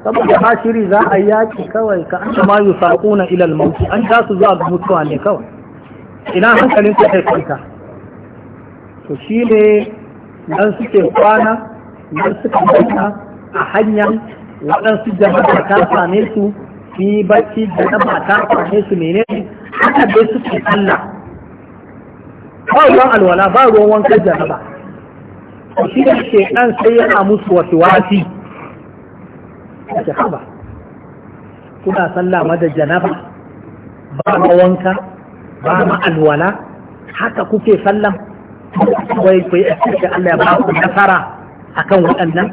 saboda ba shiri za a yaki kawai ka an kama yi saƙuna ilal mawuki an ta su zuwa mutuwa ne kawai ina hankalin su kai kwanta to shi ne nan suke kwana nan suka kwana a hanyar waɗansu jama'a ta same su yi bacci da na ta same su mene ne haka dai suke kalla ba ruwan alwala ba ruwan wanka jama'a to shi ne ke ɗan sai yana musu wasu wasi a jahaba kuna sallah mada da janaba ba ma wanka ba ma alwala haka kuke sallan wai ku yi da Allah ya ba ku nasara akan waɗannan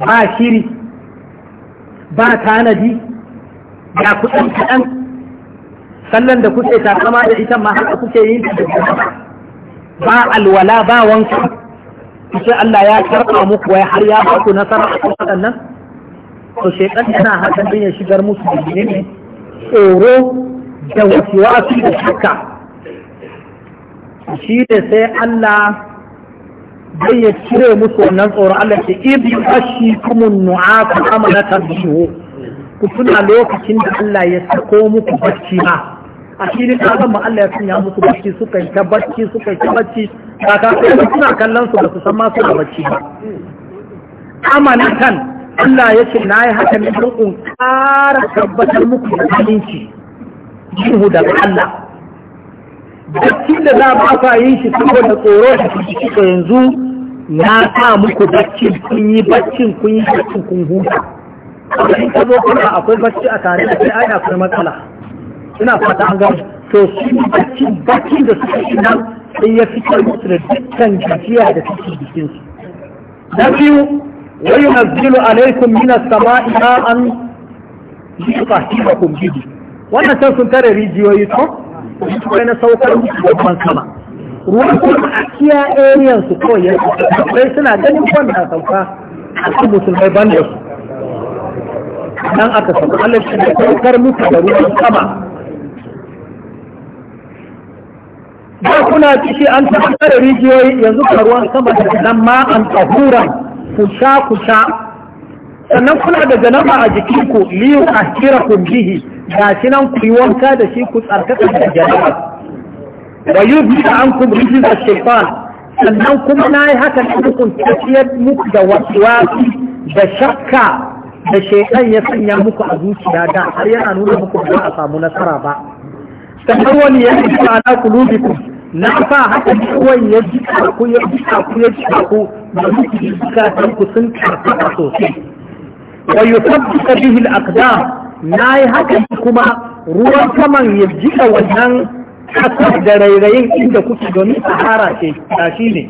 ba shiri ba tanadi ya kuɗin kaɗan Sannan da kuke takama da ita ma haka kuke yin ba alwala ba wanka kusa Allah ya karɓa muku wai har ya ba ku nasara a kan waɗannan to shekan yana hakan din ya shigar musu ne tsoro da wasu wasu da shakka shi ne sai Allah zai ya cire musu wannan tsoron Allah ce ibi ashi kuma kama amanatan biyu ku tuna lokacin da Allah ya sako muku bacci ma a shi ne kasan ma Allah ya sanya musu bacci suka yi ta bacci suka yi ta bacci kaka sai suna kallon su ba su san ma suna bacci ba amanatan Allah ya ce na yi haka ne don in ƙara tabbatar muku da aminci jihu daga Allah baccin da za ba aka yin shi saboda tsoro da shi ka yanzu na sa muku baccin kun yi baccin kun yi bakin kun huta da in ka zo kuma akwai bacci a tare da ai akwai matsala ina fata an gama to shi baccin bakin da suka yi nan sai ya fitar musu da dukkan gajiya da suke jikin su na biyu wa yunazzilu alaikum minas sama'i ma'an li tutahhirakum bihi wannan sai sun tare rijiyoyi to wani na saukar ruwan sama ruwan kuma a kiya area su kawai ya sai suna ganin wanda sauka a cikin musulmai ban da su nan aka sauka Allah shi da saukar musu da ruwan sama ba kuna ciki an taɓa da rijiyoyi yanzu ka ruwan sama da nan ma an tsahuran kusa kusa sannan kuna da janaba a jikinku liyu ahkirakum bihi ga shi nan ku yi wanka da shi ku tsarkaka da jama'a wa da an kum rufi da shaitan sannan kuma na yi haka da kun tafiyar muku da wasuwasi da shakka da shaitan ya sanya muku a zuciya da har yana nuna muku ba a samu nasara ba sannan wani ya yi ala kulubikum na fa haka kawai ya jika ku ya jika ku ya jika ku da muku jika ku sun karfafa sosai wa yusabbu bihi al na yi haka kuma ruwan saman ya jika wannan kasa da rairayin inda kuke domin sahara ce yashi ne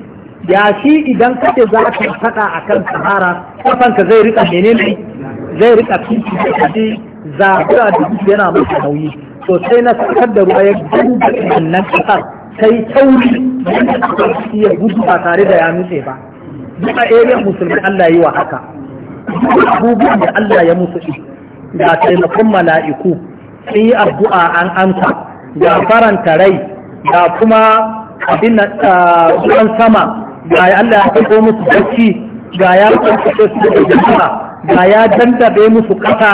yashi idan kake za ka faɗa a kan sahara kafanka zai rika menene zai rika kinci da kaji zabura da duk yana masa nauyi to sai na sakar da ruwa ya da wannan kasar sai tauri yadda aka iya gudu ba tare da ya nutse ba duka area musulmi Allah yi wa haka abubuwan da Allah ya musu da taimakon mala'iku sun yi addu'a an amsa da faranta rai da kuma abin ah, ruwan sama ga Allah ya fito musu bacci ga ya kwanci su da jama'a ga ya dandabe musu kasa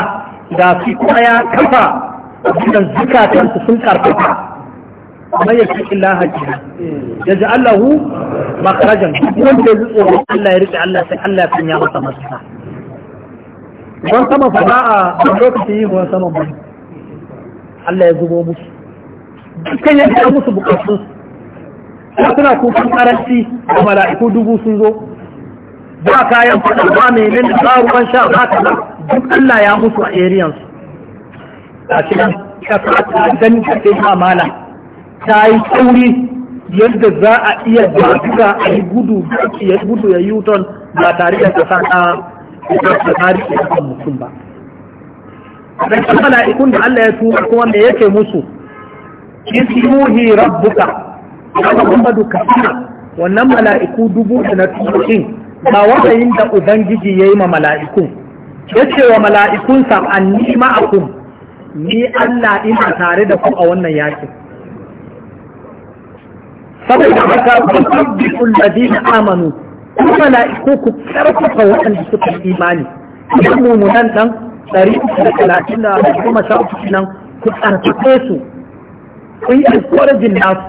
da su kuma ya kafa abinan zukatansu sun karfafa amma ya fi Allah jira ya ji Allahu makarajan wanda ya ji Allah ya rufe Allah sai Allah ya sanya masa masa ruwan sama fa ba a lokacin yin ruwan sama ba Allah ya zubo musu dukkan yadda ya musu bukatun su suna kusan karanci da mala'iku dubu sun zo ba kayan fada ba mai nan ba ruwan sha ba ta duk Allah ya musu a eriyan su a cikin kasa ta dan kace ma ta yi tsauri yadda za a iya ba a yi gudu ya gudu ya a ba tare da kasa ba ta tsari a kan mutum ba dan kan mala'ikun da Allah ya tura kuma me yake musu yuhi rabbuka kaga Muhammadu kafira wannan mala'iku dubu da na turin ba wahayin da ubangiji yayi ma mala'ikun yace wa mala'ikun sam anni ma'akum ni Allah ina tare da ku a wannan yakin saboda haka ku tabbitul ladina amanu ku mala'iku ku karfafa waɗanda suka imani idan mumunan ɗan ɗari uku da talatin da goma sha uku nan ku karfafe su ku yi alkorajin nasu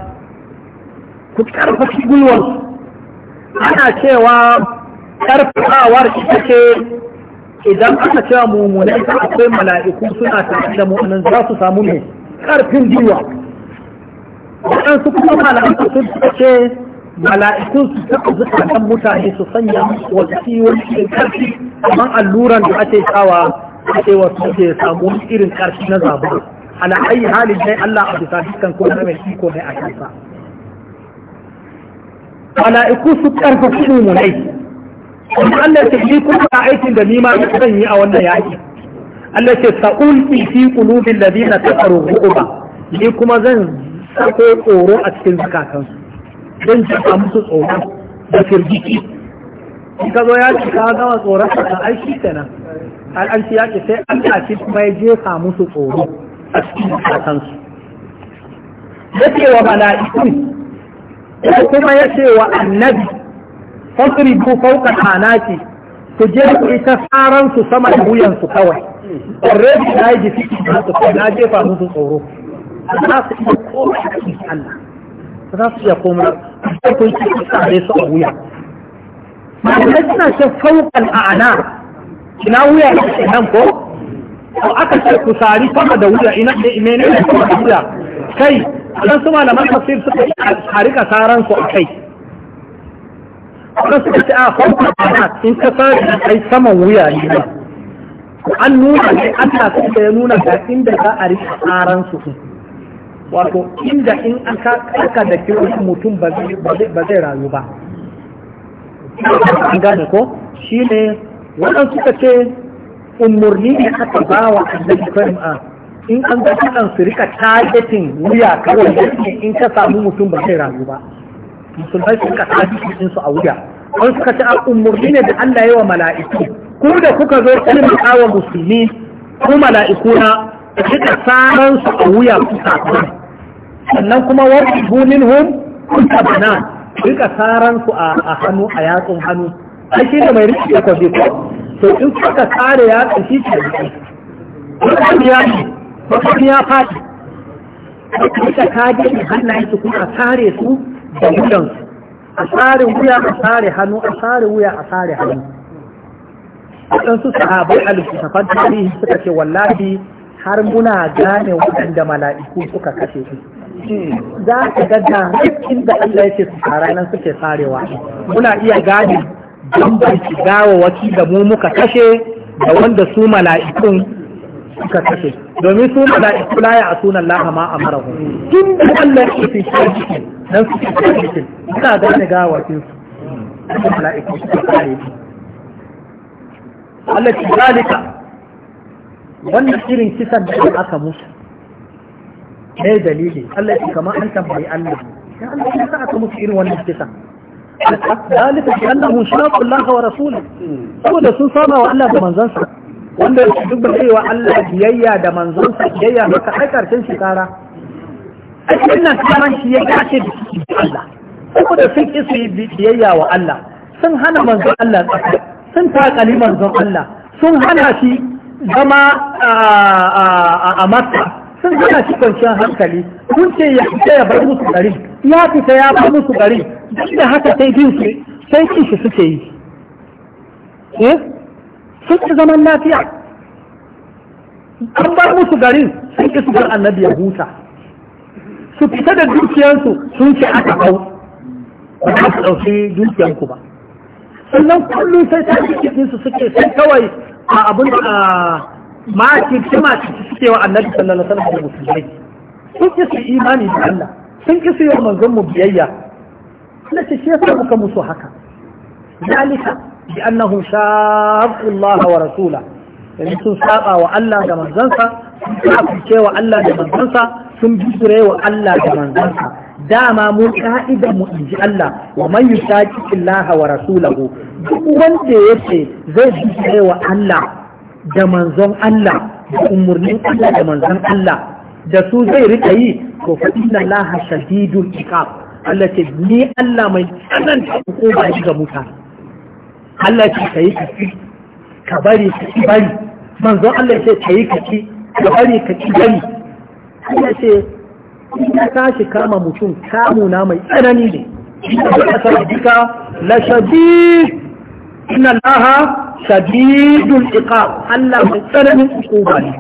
ku karfafi gwiwar. ana cewa karfafawar ita ce idan aka cewa mummunai ta akwai mala'iku suna tafi da mu'minin za su samu mai karfin gwiwa waɗansu kuma mala'iku sun ce mala'ikun su taɓa zukatan mutane su sanya wasu ciwon cikin ƙarfi kamar alluran da ake sawa ake wasu ke samu irin ƙarfi na zabu ala ayi halin dai Allah a bisa dukkan ko na mai iko ne a kansa mala'iku su ƙarfafa su nai. kuma Allah ta yi kuma aikin da ni nima ya yi a wannan yaƙi Allah ya ce sa'ulqi fi qulubil ladina kafaru ru'ba ni kuma zan sako tsoro a cikin zakatansu don jefa musu tsoro da firgiki in ka zo yaki ka gama tsoron ka aiki kenan al'arci yaki sai Allah shi kuma ya jefa musu tsoro a cikin kasansu ce wa mala'iku ko kuma ya ce wa annabi fasribu fawqa hanati ku je ku ita saran su sama da wuyan su kawai already na yi jiki na su na jefa musu tsoro A za su iya komai a cikin Allah ba za su iya komai sai kun ci tsare su a wuya malamai suna ce faukan a'ana ina wuya ne nan ko Ko aka ce ku sari sama da wuya ina ne mene ne sama da wuya kai dan su malaman tafsir suka ce a rika saran a kai Ko suka ce a faukan a'ana in ka sari kai saman wuya ne ba an nuna ne Allah sai ya nuna ga inda za a rika saran su wato inda in an ka da kiwon mutum ba zai rayu ba an gane ko shi ne waɗansu suka ce umarni ne aka ba wa annabi karim a in an ga kiɗan su rika targeting wuya kawai in ka samu mutum ba zai rayu ba musulmai su rika targeting ɗinsu a wuya wani suka ce umarni ne da Allah yawa mala'iku ku da kuka zo kalmar musulmi ku mala'ikuna suka samun su a wuya kusa sannan kuma wani gumin hun kuka bana rika tsaran su a hannu a yatsun hannu a shi da mai rikki da kwaje ko to in kuka sare yatsun shi da rike wani ya ne wani ya faɗi kuka kaje ne hannayen su kuma tsare su da wuyan su a tsarin wuya a tsare hannu a tsarin wuya a tsare hannu waɗansu sahabai a littattafan tarihi suka ce wallahi har muna gane waɗanda mala'iku suka kashe su za ka ga da inda Allah yake fara nan suke farewa muna iya gadi bambanci gawawaki da mu muka kashe da wanda su mala'ikun suka kashe domin su mala'iku la ya sunan lahama ma marahu tun da Allah yake fi shi nan suke tsarewa muna gane gawawakin su mala'iku suka tsare Allah ki zalika wannan irin kisan da aka musu ne dalili Allah ya kama an tambayi Allah ya Allah ya sa aka musu irin wannan kisa dalika bi annahu shaqqa Allah wa rasulahu saboda sun sama wa Allah da manzansa wanda duk ba zai wa Allah biyayya da manzansa biyayya ba ka aikarcin shi kara a cikin nan karan shi ya dace da Allah saboda sun ki biyayya wa Allah sun hana manzon Allah tsaka sun takali manzon Allah sun hana shi zama a Makka sun gina shi kwanciyar hankali sun ce ya fita ya bar musu gari ya fita ya bar musu gari duk da haka sai bin su sai kin shi suke yi eh? sun ci zaman lafiya an bar musu gari sun ki su bar annabi ya huta su fita da dukiyarsu sun ce aka hau ba za su ɗauki dukiyarku ba sannan kullum sai ta cikin su suke sai kawai a abin da. ma ci ma ci suke wa annabi sallallahu alaihi wasallam musulmai sun ki su imani da Allah sun ki su yi manzon mu biyayya na ce shi yasa muka musu haka zalika bi annahum shaqu Allah wa rasula yani sun saba wa Allah da manzansa sun kafice wa Allah da manzansa sun bisure wa Allah da manzansa dama mu ka'ida mu inji Allah wa man yushaqi Allah wa rasulahu duk wanda yake zai bisure wa Allah da manzon Allah da umarnin Allah da manzon Allah da su zai rika yi to fa inna laha shadidul iqab Allah ce ni Allah mai tsananta hukuma shi ga mutane Allah ce kai ka ci ka bari ka ci bari manzon Allah ce kai ka ci ka bari ka ci bari Allah ce ka tashi kama mutum kamuna mai tsanani ne Ina ka sa dika la shadid inna allaha shadidul iqab Allah mai tsananin hukuma ne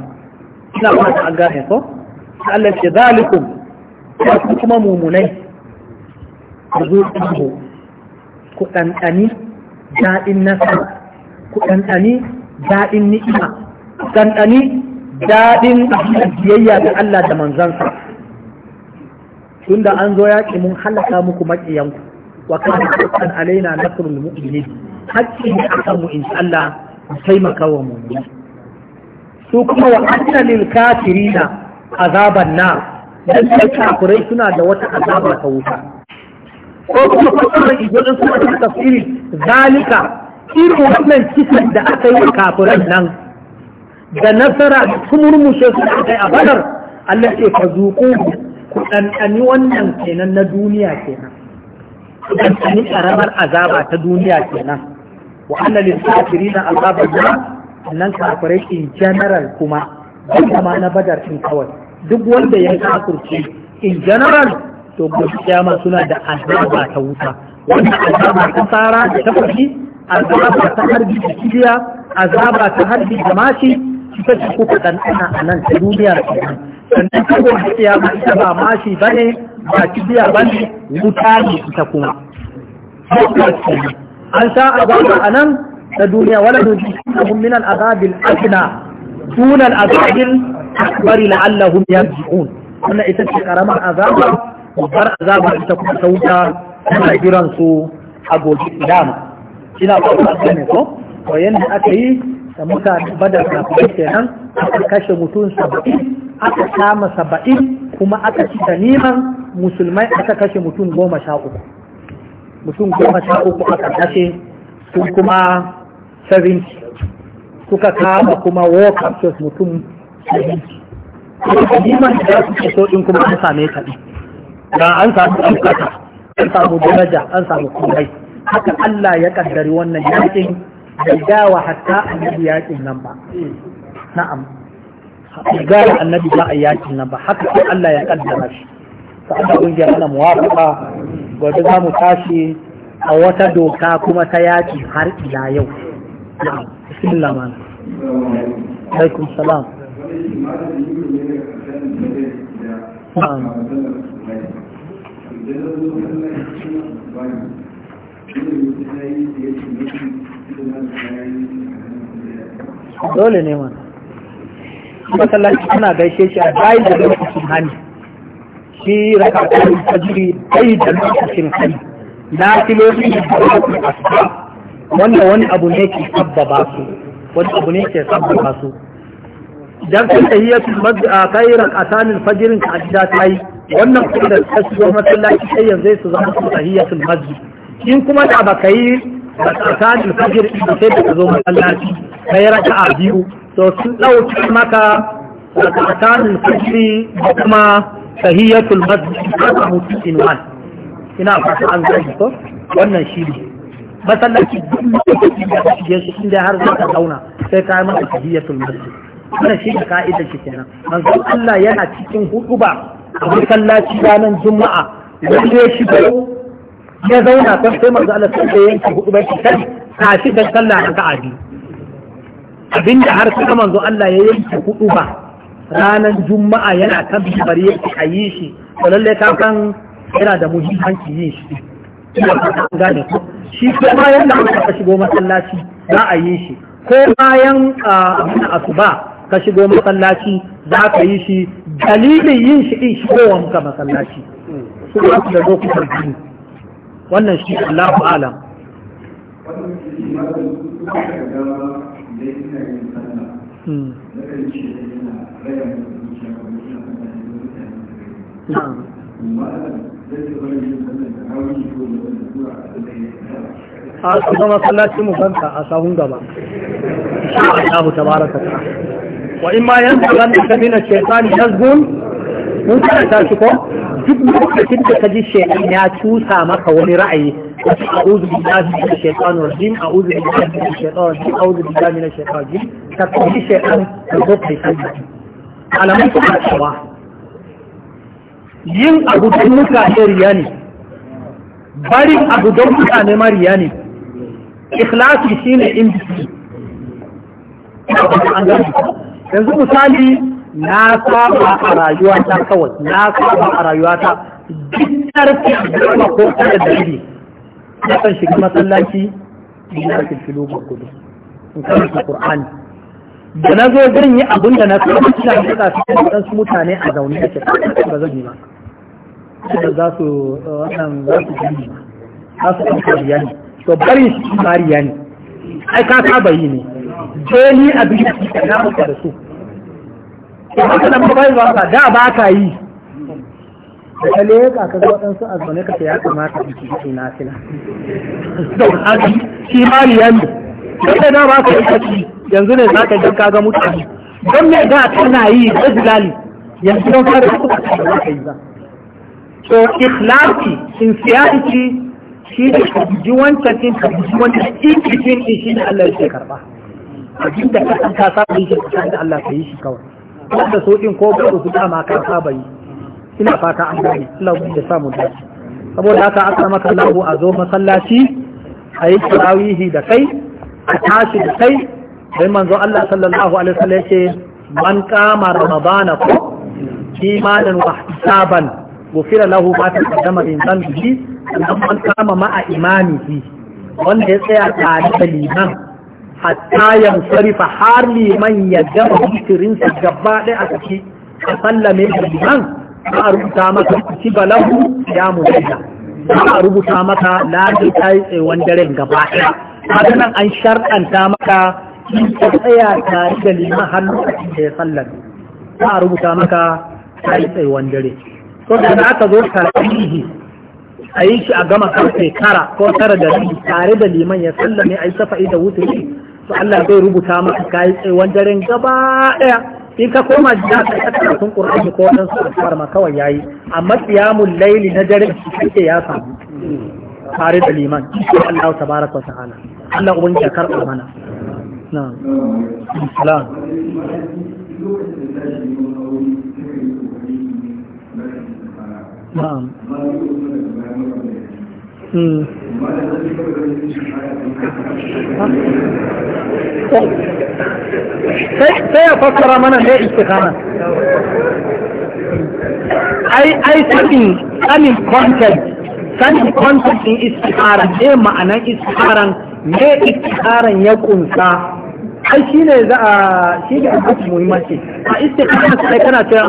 ina ba ta an gane ko Allah ce zalikum wasu kuma mumunai ku zo ku ku ɗanɗani daɗin nasara ku ɗanɗani daɗin ni'ima ku ɗanɗani daɗin biyayya ga Allah da manzansa tunda an zo yaƙi mun halaka muku maƙiyanku wa kana alaina nasrul mu'minin hakki ne a kanmu in Allah mu taimaka wa mummuni su kuma wa annalil kafirina azaban na dan sai kafirai suna da wata azaba ta wuta ko kuma fasarar ijodin suna da tafsiri zalika irin wannan kisan da aka yi kafiran nan da nasara da tumurmushe su aka yi a badar Allah ce ka zuƙo ku ɗanɗani wannan kenan na duniya kenan ku ɗanɗani ƙaramar azaba ta duniya kenan wa anna lil kafirina azaban nar nan kafirai in general kuma duk ma na badar in kawai duk wanda ya kafirce in general to gaskiya suna da azaba ta wuta wannan azaba ta tsara da ta fashi azaba ta harbi da kibiya azaba ta harbi da mashi ita ce kuka dan ana a nan ta duniyar sannan ta gaskiya ba ita ba mashi bane ba kibiya bane wuta ne ita kuma an sha azaba a nan ta duniya wala duniya min al-azab al-adna dun al-azab akbar la'allahum yarji'un wannan ita ce karamar azaba babbar azaba ita kuma ta wuta jiran su a gobe dama ina ba ta ne ko to yanda aka yi da mutane badar na kuma kenan aka kashe mutum saba'in aka kama saba'in kuma aka ci da neman musulmai aka kashe mutum goma sha uku mutum goma sha uku aka kashe sun kuma 70 suka kama kuma war captures mutum 70 liman da su ke so din kuma an same ta da an samu ɗaukata an samu daraja an samu kurai haka Allah ya kaddari wannan yakin da gawa hatta annabi yakin nan ba na'am gawa annabi ba a yakin nan ba haka Allah ya kaddara shi sa'ada kungiyar ana muwafaqa gobe za mu tashi a wata doka kuma ta yaki har ila yau bismillah man alaikum salam dole ne man masallaci suna gaishe shi a bayan da lokacin hannu shi rakatun fajiri kai da lokacin kai na filofin da lokacin asuba wanda wani abu ne ke sabbaba su wani abu ne ke sabbaba su dan kan tahiyatul mad'a khairan asanin fajirin ka ajda kai wannan kuma da kasuwa masallaci sai yanzu su zama su tahiyatul masjid in kuma da baka yi asanin fajir din sai da ka zo masallaci kai raka'a biyu to sun dauke maka asanin fajiri da kuma tahiyatul masjid ta mutu inwan ina fata an zai ko wannan shi ne masallaci duk lokacin da ka shige shi inda har zaka zauna sai ka yi masa tahiyatul masjid wannan shi ne ka'idar shi kenan manzon Allah yana cikin huduba a masallaci ranar juma'a wanda ya shigo ya zauna kan sai manzo Allah sai ya yanke hudubar shi kai ka shi dan sallah raka'a biyu abinda har kuma manzo Allah ya yanke huduba ranar juma'a yana kan bari yake a yi shi to lalle ka kan yana da muhimmanci yin shi ina fata an gane ko shi ko bayan da ka shigo masallaci za a yi shi ko bayan abin asuba ka shigo masallaci za ka yi shi dalilin yin shi din ko wanka masallaci su ba su da lokutan jini, wannan shi Allahu alam wannan hmm. shi a kuma masallacin mu kanka a sahun gaba Allah tabaraka ta wa in ma yanzu ran da mina shaytan yazbun mun karanta shi ko duk lokacin da ji shaytan ya cusa maka wani ra'ayi A uzu bi a'udhu billahi minash shaitanir rajim a'udhu billahi minash shaitanir rajim a'udhu billahi minash shaitanir rajim ka kaji shaytan ka zo kai Alamun malamai suka cewa yin abu don mutane riya ne barin abu don mutane ma riya ne ikhlasi shine in yanzu misali na saba a rayuwata kawai na saba a rayuwata duk ƙarfi da ko kada da iri na kan shiga masallaci ina cikin ba kudu in karanta da na zo zan yi abin da na so ina da su da su mutane a zaune ake ba zan yi ba da za su eh, wannan za su yi za su ɗauka riya ne to bari su ma riya ne ai ka saba yi ne je ni a biyu da na muka da su to haka nan ba bai ba da ba ka yi da ta leƙa ka ga waɗansu a zaune ka ya kamata a ci na fila. (laughs) Don haka shi ma riya ne da da ba ka yi yanzu ne za ka ji ka ga mutane don me da kana yi da zilali yanzu don ka ga kuka ba ka yi ba to ikhlasi sincerity shi ne ka ji wancan din ka ji wancan din din shi ne Allah ya karba ji da ka san ka saba yi ka san da Allah ka yi shi kawai da so din ko ba su ma ka saba yi ina fata an gane Allah ya samu dace saboda haka aka maka lahu a zo masallaci a yi tarawihi da kai a tashi da kai sai manzo Allah sallallahu alaihi wasallam yake man qama ramadana ko imanan wa ihtisaban gufira lahu ma taqaddama min dhanbihi dan man qama ma'a imamihi wanda ya tsaya tare da liman hatta yansarifa har liman ya gama zikirin sa gaba ɗaya a ciki a sallame da liman ba a rubuta maka kutiba lahu ya mujalla ba a rubuta maka lafi tsaye daren gaba ɗaya kaga nan an shar'anta maka ka tsaya tare da liman hannu lokacin da ya sallar za a rubuta maka ta yi tsayuwan dare Ko da za ka zo tarihi a yi shi a gama karfe kara, ko tara da rabi tare da liman ya ne, a yi safa'i da wuturi to Allah zai rubuta maka ka yi tsayuwan daren gaba ɗaya in ka koma gida ka yi sun ƙur'ani ko wadansu a kawai ya yi. amma tsiyamun laili na dare shi ya samu tare da liman Allah tabaraka wa ta'ala Allah ubangiji ya karɓa mana na'am salam na'am sai ya fassara mana ne istikana ai ai sanin sanin content sanin kwantar ɗin istihara ne ma'anan istiharan ne istiharan ya kunsa ai shi ne za a shi ne abu muhimmanci a istiharan sai kana ce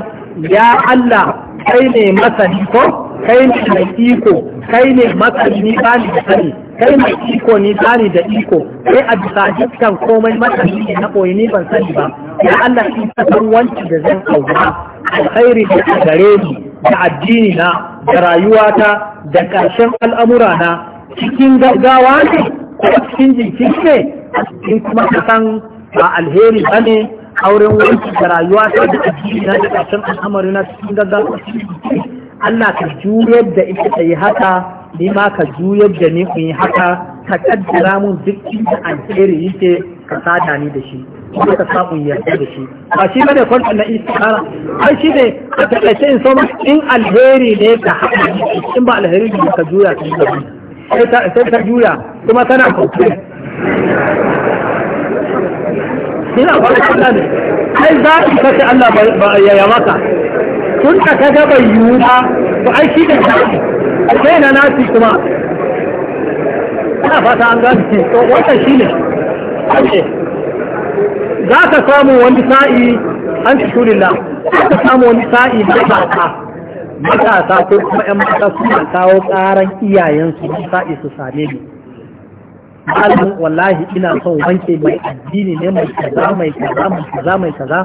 ya Allah kai ne masani ko kai ne mai iko kai ne masani ni ba ni sani kai mai iko ni tsari da iko kai a bisa dukkan komai mata ne na koyi ni ban sani ba ya Allah shi ta san wanci da zan kauna alkhairi da gare ni da addini na da rayuwata da ƙarshen al'amura na cikin gaggawa ne ko cikin jinkiri ne in kuma ka san ba alheri ba ne auren wanci da rayuwata da addini na da ƙarshen al'amura na cikin gaggawa Allah ka juyar da ita ta yi haka ni ma ka juyar da ni kun yi haka ka kaddara mun duk inda alheri yake ka sada ni da shi kuma ka samu yarda da shi ba shi bane kwanta na istikhara ai shi ne a takaice in soma in alheri ne ka haɗa in ba alheri ne ka juya ka yi gaba sai ta juya kuma tana kwanciyar ina ba ka ne ai za ka kace Allah ba ya ka. tun da ka ga bai yiwu ba to ai shi da ta sai na nasi kuma ana fata an gane to wannan shi ne za ka samu wani sa'i an ci shulillah za ka samu wani sa'i da ba matasa ko kuma 'yan mata suna kawo ƙaran iyayensu su sa'i su same ni malamin wallahi ina son wanke mai addini ne mai kaza mai kaza mai kaza mai kaza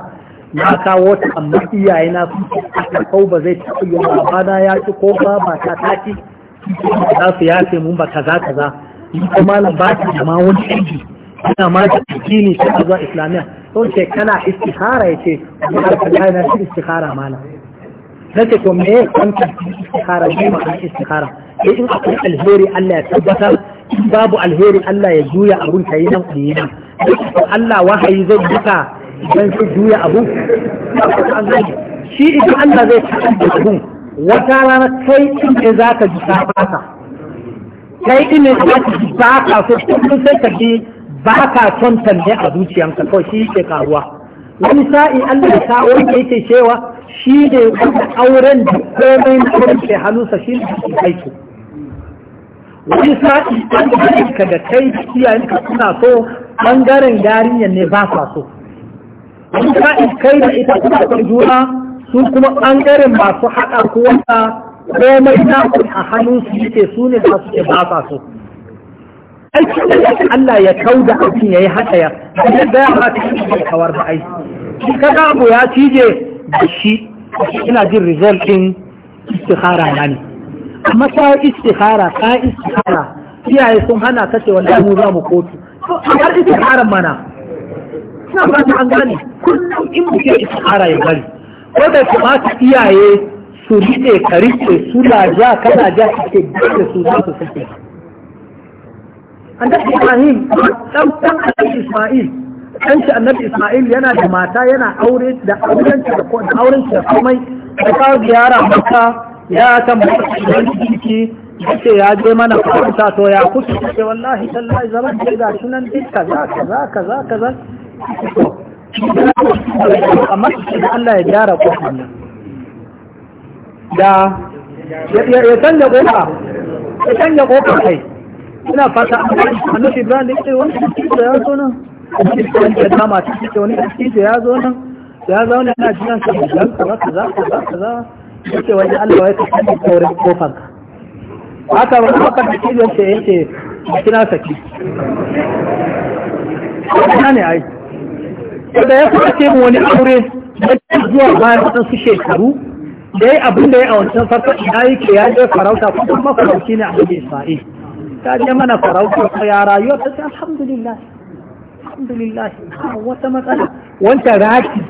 na kawo ta amma iyaye na sun ce kau ba zai taɓa yi wa na ya ci ko ba ba ta taci za su ya yafe mun ba kaza kaza ko malam ba ta da ma wani aiki ana ma ta ciki ne ta zuwa islamiyya to ce kana istihara ya ce ba ka kai na shi istihara malam na ce to me kan ta istihara ne ma kan istihara sai eh, in akwai alheri Allah ya tabbatar babu alheri Allah ya juya abun ta yi nan kuyi nan Allah wahayi zai duka don su juya abu shi idan Allah zai kaɗan da abu wata rana kai in ne za ka ji sabata kai in ne za ka ji ba ka so kullum sai ka ji ba ka son tanne a zuciyanka Ko shi ke karuwa wani sa'i Allah ya kawo wanda yake cewa shi ne auren da komai na kuma ke hannunsa shi ne kai su wani sa'i an da da kai ka suna so ɓangaren yarinyar ne ba ka so wani sa'in kai da ita kuma kan juna su kuma ɓangaren masu haɗa ko wanda komai na a hannun su yake su ne za su ke ba sa so aikin da Allah ya kau da aikin ya yi haka ya ya gaya ma ta yi kawar da aiki kaga abu ya cije da shi ina jin result din istikhara na ne amma ta istikhara ta istikhara iyaye sun hana kace wanda mu za mu kotu har istikhara mana suna ba ta an gane kullum in muke istihara ya gani wadda su ba ta iyaye su riƙe karice su na ja kana ja su ke da su za su sake an da Ibrahim dan dan Isma'il ɗan shi annabi Isma'il yana da mata yana aure da auren da auren da komai da kawo ziyara maka ya tambaya idan ciki yake ya je mana farauta to ya kusa ce wallahi tallahi zama da ga nan dukka za ka za ka za ka za amma da Allah ya gyara kofar nan da ya canza kofa ya canza kofa kai ina fata a nufi brand ɗin wani da ya zo nan wani da dama ta ce wani da ya zo nan ya zaune na jiran sa da ka za ka za ka za ka za ya ce wani Allah ya tafi da kaurin kofar ka haka wani maka da ke yake yake kina saki ina ne ai da ya kwace mu wani aure da zuwa bayan waɗansu shekaru da ya abin da ya a wancan farko ina yake ya je farauta ko kuma farauci ne a cikin isra'il ta je mana farauta ko ya rayuwa ta ce alhamdulillah alhamdulillah wata matsala wancan raki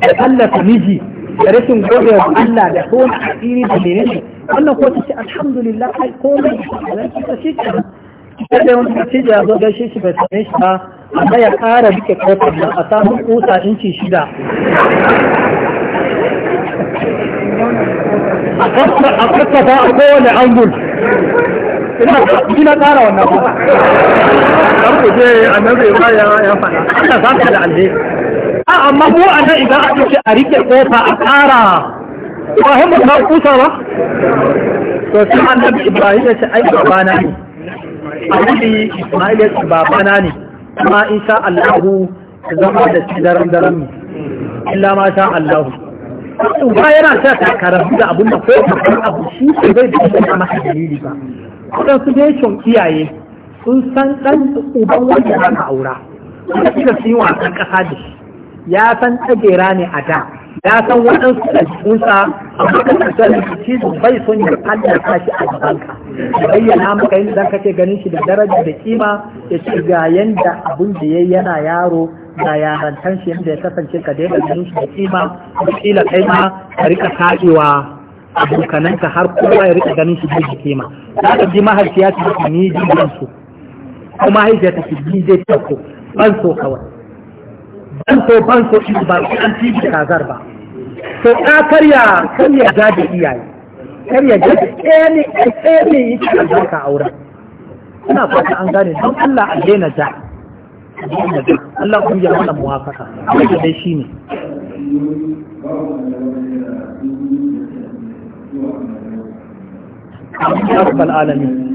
da tallata miji da rashin gobe wa Allah da kone asiri da menene wannan ko ta ce alhamdulillah ai komai da shi kada wani mutum ya zo gaishe shi bai same shi ba amma ya ƙara duka kofar nan a samun kusa inci shida a kakkafa a kowane angul ina ƙara wannan ba ɗan kuje annabi ba ya ya fada ana zaka da alheri a amma ko annan idan aka ce a rike kofa a ƙara ba hin ba kusa ba to sai annabi ibrahim ya ce ai babana ne annabi Ismail ya babana ne kuma Isa Allahu zama da shi daren daren mu illa ma sha Allahu ba yana ta takara da abun da ko kan abu shi zai da masa dalili ba wadansu dai shon iyaye sun san dan uban wanda za ka aura suka yi wasan kasa da shi ya san tsagera ne a da ya san waɗansu ɗabi'unsa amma ka kasar rikici bai son ya allaka shi a gabanka bayyana maka yin zan kake ganin shi da daraja da kima ya ce ga yanda abun da yayi yana yaro da yarantan shi yadda ya kasance ka daina ganin shi da kima da kila kai ma ka rika kaɗewa abokananka har kowa ya rika ganin shi da kima za ka ji mahaifiyata ta ni jin su kuma haifiyata ta ji zai ta ko ban so kawai ban so ban so in ba ku an tibi kazar ba to ka karya karya gadi iyaye karya gadi ɗaya ne ɗaya ne yake albarka a wurin ina fata an gane don Allah a daina ja Allah kun yi wannan muwafaka abin da shi ne Amin ya rabbal alamin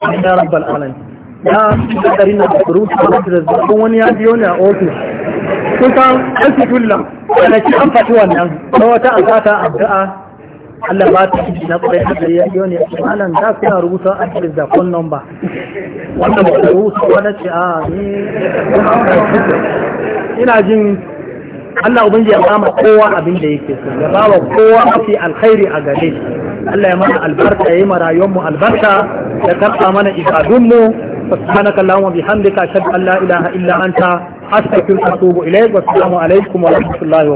ya rabbal alamin na kadarin na rubuta da zazzabin wani ya biyo ni a ofis kusan asibullan kwanaki an faɗi wannan ta wata alƙata addu'a Allah ba ta na kwarai da ya yi ne malam da suna rubuta a cikin da phone number wanda ba ku rubuta wani ce a ah, ni ina jin Allah ubangiji ya kama kowa abin da yake so ya ba wa kowa mafi alkhairi a gare shi Allah ya mana albarka ya yi marayuwar mu albarka ya karba mana ibadun mu subhanaka allahumma bihamdika ashhadu an la ilaha illa anta astaghfiruka wa atubu ilaik wa assalamu alaikum wa rahmatullahi wa